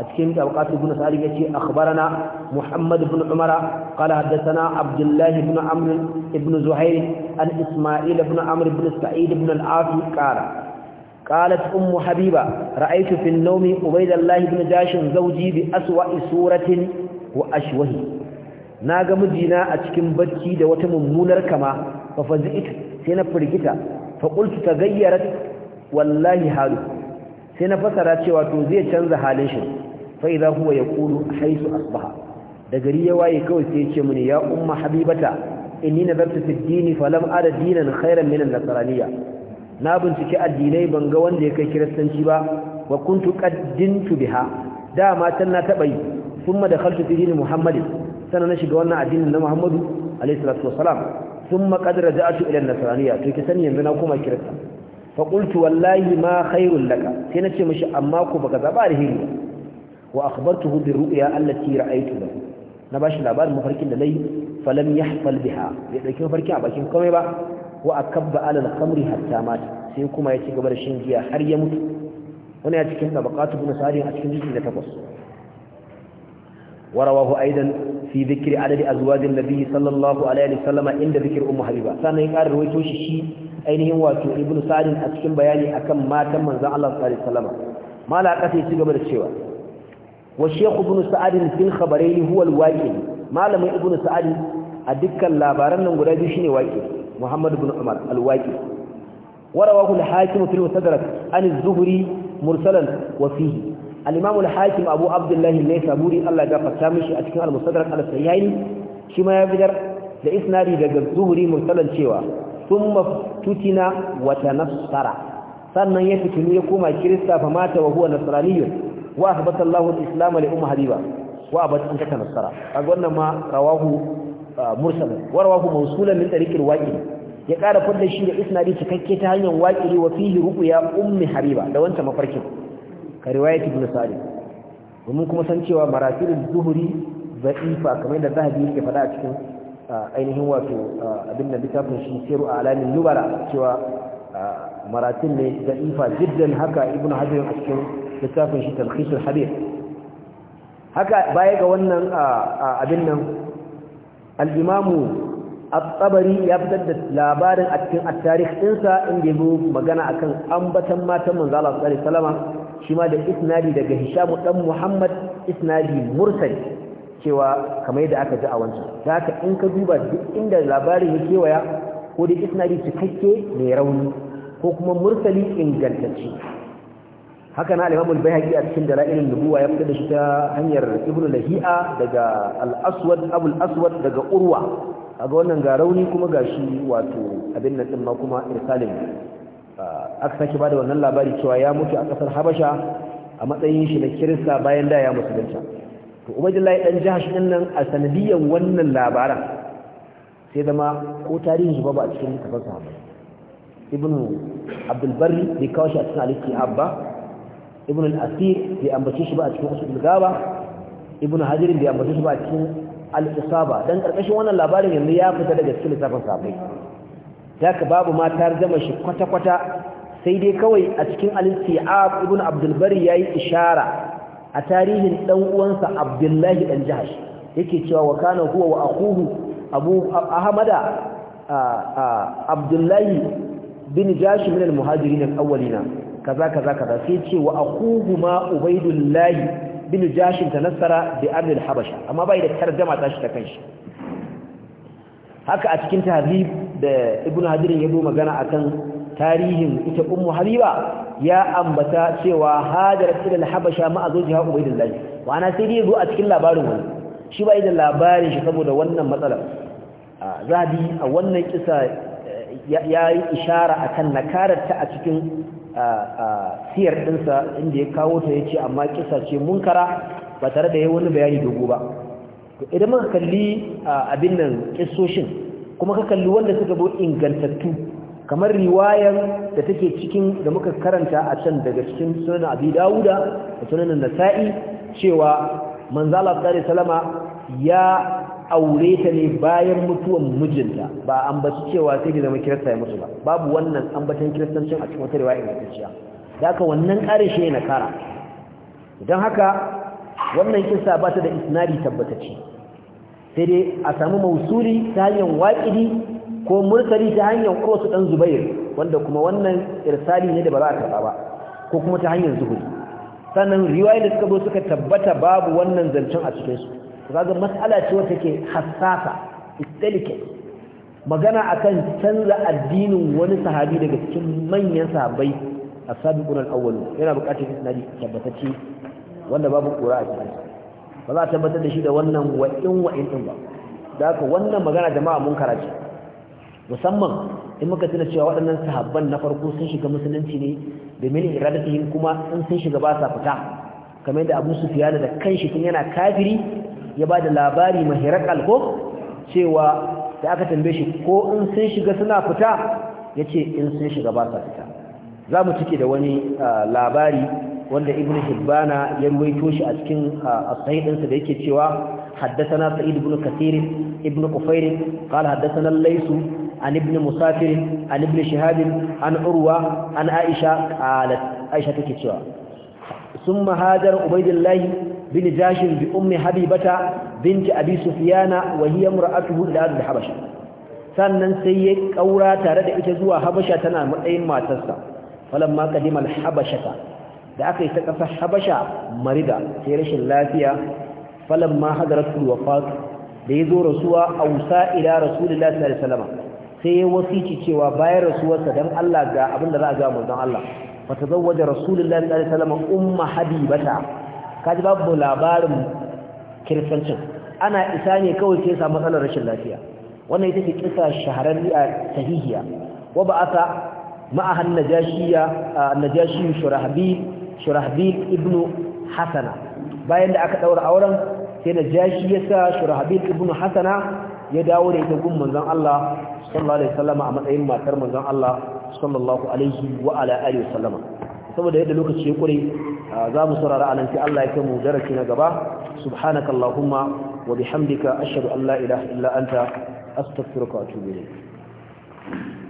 a cikin tabaqati ibn sa'id yace akhbarana muhammad bin umara qala hadathana abdullahi bin amr ibn zuhair an isma'il bin amr bin sa'id bin al-afi قالت أم حبيبة رأيت في النوم عبيد الله بن جاش زوجي بأسوأ سورة وأشوه ناغا مجينا أتكم بجي دوة ممونر كما ففزئت سينا فرقتا فقلت تغيرت والله حاله سينا فسرات وتوزي تنزى حاليش فإذا هو يقول حيث أصبح دقري يواي كوي سيتش من يا أم حبيبة إني نذبت في الدين فلم أرى دينا خيرا من النصرانية na binciki addinai ban ga wanda ya kai kiristanci ba wa kuntu qaddintu biha dama tan na taba yi thumma dakhaltu fi dini muhammadin sana na shiga wannan addinin na muhammadu alayhi salatu wassalam thumma qad raja'tu ila an-nasraniyya to ki sani yanzu na koma kirista fa qultu wallahi ma khairul laka sai na ce mishi amma ku baka zaba alheri wa akhbartuhu bi ru'ya allati ra'aytu lahu na bashi labarin mafarkin da nayi falam yahfal biha ya dauki mafarkin a bakin komai ba wa akabba alal khamri hatta mat sai kuma ya ci gaba da shin giya har ya mutu wani ya cikin tabaqatu bin sarih a cikin jiki da takwas warawahu aidan fi dhikri adadi azwaj an-nabi sallallahu alaihi wa sallam inda dhikri ummu habiba sannan ya karar wato shi ainihin wato ibn sarih a cikin bayani akan matan manzan Allah sallallahu alaihi wa sallam mala kace ci gaba da cewa wa shaykh ibn sa'adin fil khabarayn huwa al-waqi'i malamin ibn a dukkan labaran nan guda biyu shine waqi'i muhammad ibn umar al-waqi warawahu al-hakim fil abu abdullah al-naysaburi Allah ya gafarta mishi cikin al-mustadrak ma ya bidar da isnadi daga zuhri mursalan cewa thumma tutina wa tanassara sannan ya fitinu ya koma kirista wa habiba rawahu mursalan warwahu mawsulan min tariqil waqi ya kara fadda shi da isnadi cikakke ta hanyar waqi wa fihi ruqya ummi habiba da wancan mafarkin ka riwayat ibn domin kuma san cewa marasilul zuhri za'ifa kamar da zahabi yake fada a cikin ainihin wato abin da littafin shi siru alamin nubara cewa maratil ne za'ifa jiddan haka ibn hajar a cikin littafin shi talkhisul habib haka baya ga wannan abin nan al a tsabari ya fitar da labarin a cikin ɗinsa inda ya inda magana akan ambatan matan manzo Allah sallallahu alaihi wasallam shi ma da isnadi daga Hisham dan Muhammad isnadi mursal cewa kamar yadda aka ji a wancan da haka in ka duba duk inda labarin ya kewaya ko da isnadi cikakke mai rauni ko kuma mursali ingantacce haka na al bai al a cikin dalailin nubuwa ya fitar da shi ta hanyar ibnu lahi'a daga al Abul abu aswad daga urwa ga wannan ga rauni kuma gashi wato abin nan ba ma kuma irsalin aka ba da wannan labari cewa ya mutu a ƙasar habasha a matsayin shi na kirista bayan da ya musulunta to ubaidullahi dan shi din nan a sanadiyan wannan labaran sai zama ko tarihin shi ba ba a cikin littafin ibnu Abdulbarri barri bai kawo shi a cikin al abba ibn al-asir bai ambace shi ba a cikin usul gaba ibn hajar bai ambace shi ba a cikin al-isaba dan karkashin wannan labarin yanzu ya fita daga cikin littafin sahabbai haka babu ma zama shi kwata kwata sai dai kawai a cikin al-istiab ibn abdul bari yayi ishara a tarihin dan uwansa abdullahi dan jahash yake cewa wa kana huwa wa akuhu abu ahmada abdullahi bin jashi min al-muhajirin al-awwalina kaza kaza kaza sai ce wa akuhuma ubaidullahi bin jashin tanassara bi amil habasha amma bai da tarjuma tashi ta kanshi haka a cikin tahrib da ibnu hadirin ya zo magana akan tarihin ita ummu habiba ya ambata cewa hajarat ila habasha ma azwajiha ubaidullahi wa ana sai dai zo a cikin labarin wani shi bai da labarin shi saboda wannan matsalar Zahadi a wannan kisa eh, ya yi ishara akan nakarar ta a cikin siyar ɗinsa inda ya kawo ta ya ce amma kisa ce munkara ba tare da ya wani bayani dogo ba idan muka kalli abin nan kisoshin kuma ka kalli wanda suka bo ingantattu kamar riwayar da take cikin da muka karanta a can daga cikin sunan abi dawuda da sunan nasa'i cewa manzala sallallahu alaihi ya aure ta ne bayan mutuwan mijinta ba an su cewa sai da zama kirista ya mutu ba babu wannan ambatan kiristancin a cikin wata riwaya kirciya da ka wannan ƙarin na kara don haka wannan kisa ba ta da isnari tabbatacce sai dai a sami mausuli ta hanyar waƙidi ko murtari ta hanyar su ɗan zubair wanda kuma wannan irsali ne da ba za a karɓa ba ko kuma ta hanyar zuhuri sannan riwaya da suka zo suka tabbata babu wannan zancen a cikinsu to kaga mas'ala ce wacce ke hassasa it's delicate magana akan canza addinin wani sahabi daga cikin manyan sahabai a sabiqun al-awwal yana buƙatar isnadi tabbatacce wanda babu ƙura a cikin ba za a tabbatar da shi da wannan wa'in wa'in ɗin ba da haka wannan magana jama'a mun karace musamman in muka tuna cewa waɗannan sahabban na farko sun shiga musulunci ne domin iradatihim kuma in sun shiga ba sa fita kamar yadda Abu Sufyan da kanshi tun yana kafiri ya bada labari mahirar alko cewa da aka tambaye shi ko in sun shiga suna fita yace in sun shiga ba sa fita za mu cike da wani labari wanda ibn hibbana ya ruwaito shi a cikin asaiɗinsa da yake cewa haddasana sa'id ibn kathir ibn kufair qala haddasana laysu an ibn musafir an ibn shihab an urwa an aisha qalat aisha take cewa sun هاجر عبيد الله bin jashin bi ummi habibata binti abi Sufiyana, wa hiya mar'atuhu ila habasha sannan sai ya ƙaura tare da ita zuwa habasha tana matsayin matarsa falamma qadima al-habashata da aka yi ta kasar habasha marida sai rashin lafiya falamma hadaratu wafat da yazo rasuwa ausa ila rasulillahi sallallahu alaihi sai ya wasici cewa bayan rasuwarsa dan Allah ga abin da za a ga manzon Allah fatazawwaja rasulullahi sallallahu alaihi wasallam umma habibata kaji babu labarin kiristancin ana isa ne kawai sai samu matsalar rashin lafiya wannan ita ce kisa shahararri a sahihiya wa ba aka ma'ahan najashiya najashi shurahbi shurahbi ibnu hasana bayan da aka daura auren sai najashi ya sa shurahbi ibnu hasana ya dawo da ita gun manzon Allah sallallahu alaihi wasallama a matsayin matar manzon Allah sallallahu alaihi wa ala alihi wasallama saboda yadda lokaci ya kure za mu saurara anan sai Allah ya kai mu darasi na gaba subhanakallahumma wa bihamdika ashhadu an la ilaha illa anta astaghfiruka wa atubu ilayk